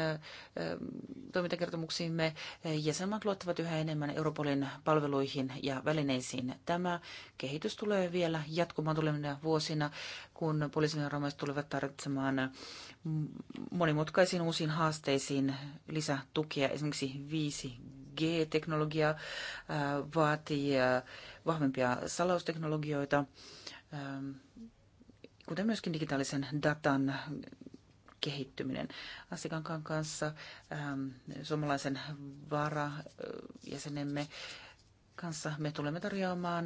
toimintakertomuksiimme. Jäsenmaat luottavat yhä enemmän Europolin palveluihin ja välineisiin. Tämä kehitys tulee vielä jatkumaan tulevina vuosina, kun poliisiviranomaiset tulevat tarvitsemaan monimutkaisiin uusiin haasteisiin lisätukea. Esimerkiksi 5G-teknologia vaatii vahvempia salausteknologioita Ähm, kuten myöskin digitaalisen datan kehittyminen. Asikankaan kanssa ähm, suomalaisen varajäsenemme kanssa me tulemme tarjoamaan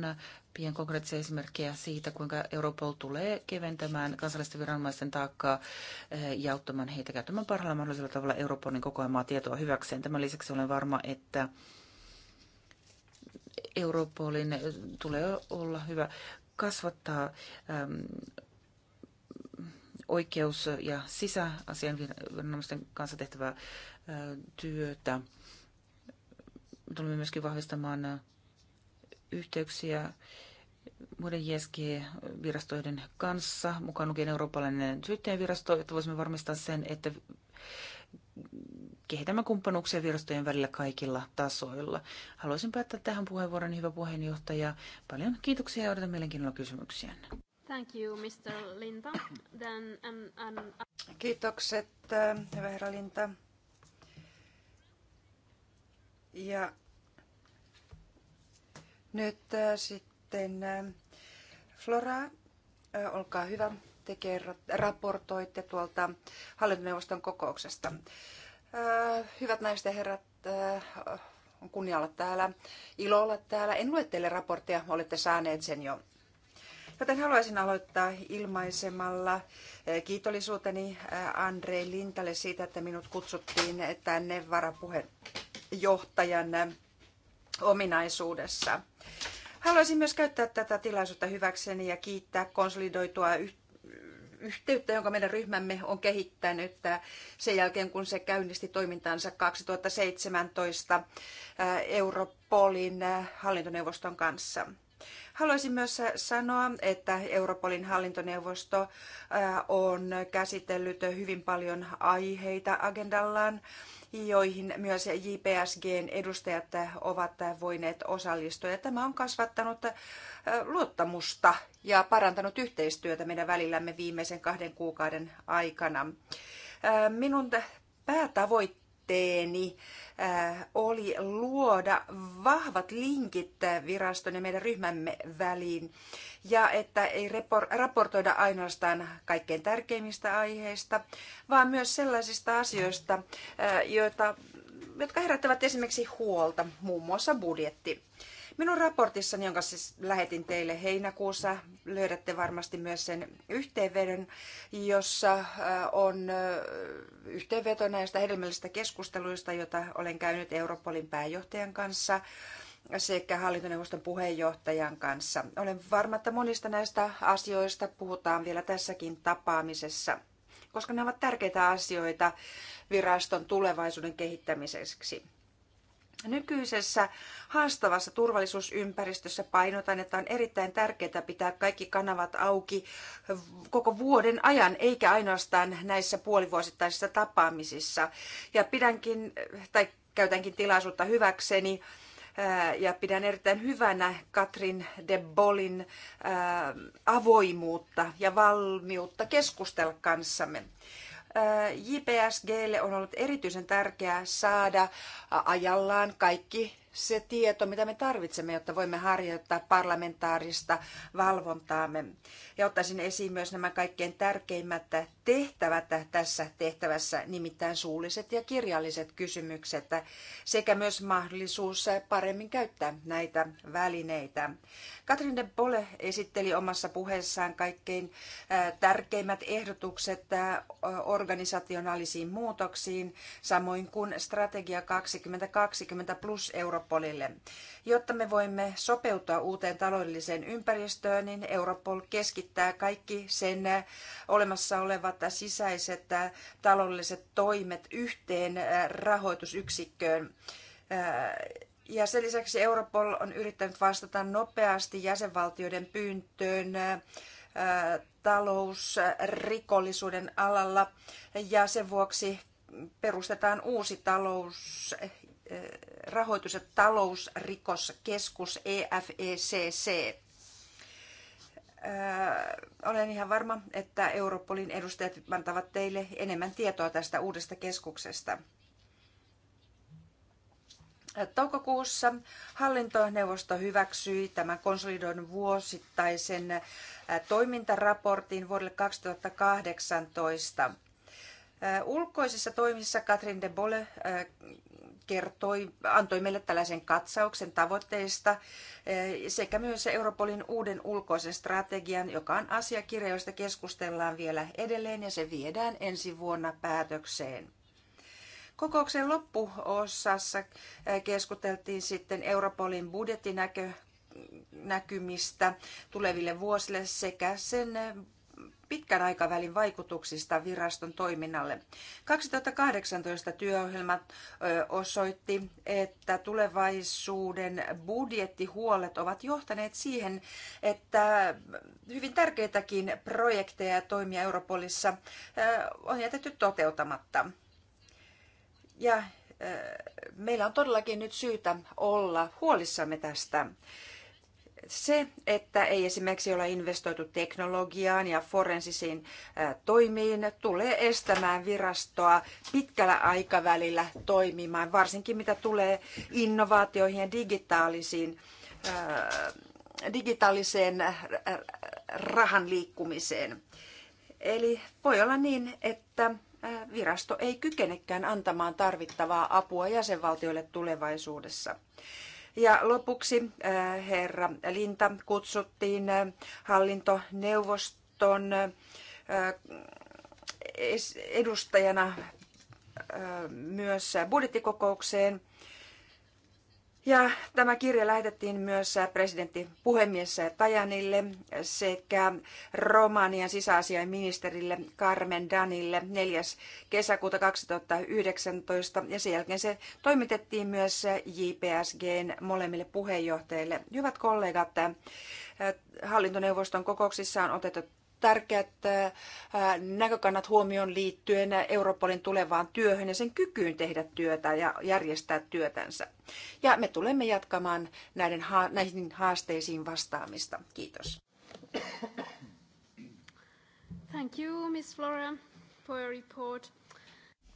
pien konkreettisia esimerkkejä siitä, kuinka Europol tulee keventämään kansallisten viranomaisten taakkaa äh, ja auttamaan heitä käyttämään parhaalla mahdollisella tavalla Europolin kokoelmaa tietoa hyväkseen. Tämän lisäksi olen varma, että Europolin tulee olla hyvä kasvattaa ähm, oikeus- ja sisäasianviranomaisten kanssa tehtävää äh, työtä. Tulemme myöskin vahvistamaan äh, yhteyksiä muiden JSG-virastoiden kanssa, mukaan lukien eurooppalainen syyttäjävirasto, jotta voisimme varmistaa sen, että kehitämme kumppanuuksia virastojen välillä kaikilla tasoilla. Haluaisin päättää tähän puheenvuoron, niin hyvä puheenjohtaja. Paljon kiitoksia ja odotan mielenkiinnolla kysymyksiä. Thank you, Mr. Linta. Then, um, um... Kiitokset, ähm, hyvä herra Linta. Ja nyt äh, sitten ähm, Flora, äh, olkaa hyvä, te kerrot, raportoitte tuolta hallintoneuvoston kokouksesta. Äh, hyvät naiset ja herrat, äh, on kunnia olla täällä, ilo olla täällä. En lue teille raporttia, olette saaneet sen jo. Joten haluaisin aloittaa ilmaisemalla äh, kiitollisuuteni Andrei Lintalle siitä, että minut kutsuttiin tänne varapuheenjohtajan ominaisuudessa. Haluaisin myös käyttää tätä tilaisuutta hyväkseni ja kiittää konsolidoitua yhteistyötä yhteyttä, jonka meidän ryhmämme on kehittänyt äh, sen jälkeen, kun se käynnisti toimintansa 2017 äh, Europolin äh, hallintoneuvoston kanssa. Haluaisin myös sanoa, että Europolin hallintoneuvosto on käsitellyt hyvin paljon aiheita agendallaan, joihin myös JPSGn edustajat ovat voineet osallistua. Ja tämä on kasvattanut luottamusta ja parantanut yhteistyötä meidän välillämme viimeisen kahden kuukauden aikana. Minun päätavoitteeni oli luoda vahvat linkit viraston ja meidän ryhmämme väliin ja että ei raportoida ainoastaan kaikkein tärkeimmistä aiheista, vaan myös sellaisista asioista, joita, jotka herättävät esimerkiksi huolta, muun muassa budjetti. Minun raportissani, jonka siis lähetin teille heinäkuussa, löydätte varmasti myös sen yhteenvedon, jossa on yhteenveto näistä hedelmällisistä keskusteluista, joita olen käynyt Europolin pääjohtajan kanssa sekä hallintoneuvoston puheenjohtajan kanssa. Olen varma, että monista näistä asioista puhutaan vielä tässäkin tapaamisessa, koska ne ovat tärkeitä asioita viraston tulevaisuuden kehittämiseksi. Nykyisessä haastavassa turvallisuusympäristössä painotan, että on erittäin tärkeää pitää kaikki kanavat auki koko vuoden ajan, eikä ainoastaan näissä puolivuosittaisissa tapaamisissa. Ja pidänkin, tai käytänkin tilaisuutta hyväkseni, ja pidän erittäin hyvänä Katrin de Bolin avoimuutta ja valmiutta keskustella kanssamme. JPSGlle on ollut erityisen tärkeää saada ajallaan kaikki se tieto, mitä me tarvitsemme, jotta voimme harjoittaa parlamentaarista valvontaamme. Ja ottaisin esiin myös nämä kaikkein tärkeimmät tehtävät tässä tehtävässä, nimittäin suulliset ja kirjalliset kysymykset sekä myös mahdollisuus paremmin käyttää näitä välineitä. Katrin de Pole esitteli omassa puheessaan kaikkein tärkeimmät ehdotukset organisationaalisiin muutoksiin, samoin kuin strategia 2020 plus Europolille. Jotta me voimme sopeutua uuteen taloudelliseen ympäristöön, niin Europol keskittää kaikki sen äh, olemassa olevat sisäiset äh, taloudelliset toimet yhteen äh, rahoitusyksikköön. Ja sen lisäksi Europol on yrittänyt vastata nopeasti jäsenvaltioiden pyyntöön talousrikollisuuden alalla ja sen vuoksi perustetaan uusi talous- rahoitus- ja talousrikoskeskus EFECC. Olen ihan varma, että Europolin edustajat antavat teille enemmän tietoa tästä uudesta keskuksesta. Toukokuussa hallintoneuvosto hyväksyi tämän konsolidoidun vuosittaisen toimintaraportin vuodelle 2018. Ulkoisissa toimissa Katrin de Bolle kertoi, antoi meille tällaisen katsauksen tavoitteista eh, sekä myös Europolin uuden ulkoisen strategian, joka on asiakirja, josta keskustellaan vielä edelleen ja se viedään ensi vuonna päätökseen. Kokouksen loppuosassa eh, keskusteltiin sitten Europolin budjettinäkö näkymistä tuleville vuosille sekä sen eh, pitkän aikavälin vaikutuksista viraston toiminnalle. 2018 työohjelma osoitti, että tulevaisuuden budjettihuolet ovat johtaneet siihen, että hyvin tärkeitäkin projekteja ja toimia Europolissa on jätetty toteutamatta. Ja meillä on todellakin nyt syytä olla huolissamme tästä se, että ei esimerkiksi ole investoitu teknologiaan ja forensisiin toimiin, tulee estämään virastoa pitkällä aikavälillä toimimaan, varsinkin mitä tulee innovaatioihin ja digitaalisiin, digitaaliseen rahan liikkumiseen. Eli voi olla niin, että virasto ei kykenekään antamaan tarvittavaa apua jäsenvaltioille tulevaisuudessa. Ja lopuksi eh, herra Linta kutsuttiin eh, hallintoneuvoston eh, edustajana myös budjettikokoukseen – ja tämä kirje lähetettiin myös äh, presidentti puhemies äh, Tajanille sekä Romanian sisäasiainministerille Carmen Danille 4. kesäkuuta 2019 ja sen jälkeen se toimitettiin myös äh, JPSGn molemmille puheenjohtajille. Hyvät kollegat, hallintoneuvoston kokouksissa on otettu tärkeät näkökannat huomioon liittyen Europolin tulevaan työhön ja sen kykyyn tehdä työtä ja järjestää työtänsä. Ja me tulemme jatkamaan näiden, näihin haasteisiin vastaamista. Kiitos. Thank you, Miss Floria, for your report.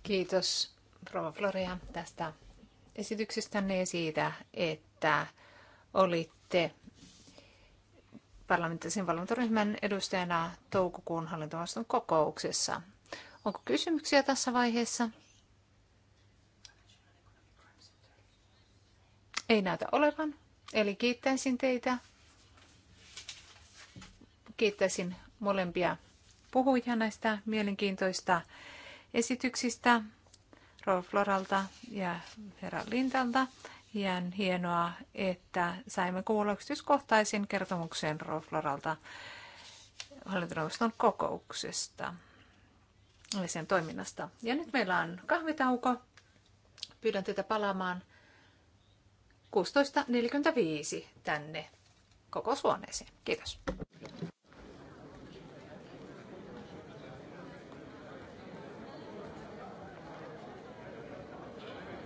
Kiitos, Rova Floria, tästä esityksestänne ja siitä, että olitte parlamentaarisen valvontaryhmän edustajana toukokuun hallintovaston kokouksessa. Onko kysymyksiä tässä vaiheessa? Ei näytä olevan, eli kiittäisin teitä. Kiittäisin molempia puhujia näistä mielenkiintoista esityksistä, Rolf Floralta ja herra Lintalta. Ja hienoa, että saimme kuulla yksityiskohtaisin kertomuksen Rofloralta hallintoneuvoston kokouksesta ja sen toiminnasta. Ja nyt meillä on kahvitauko. Pyydän teitä palaamaan 16.45 tänne kokoushuoneeseen. Kiitos.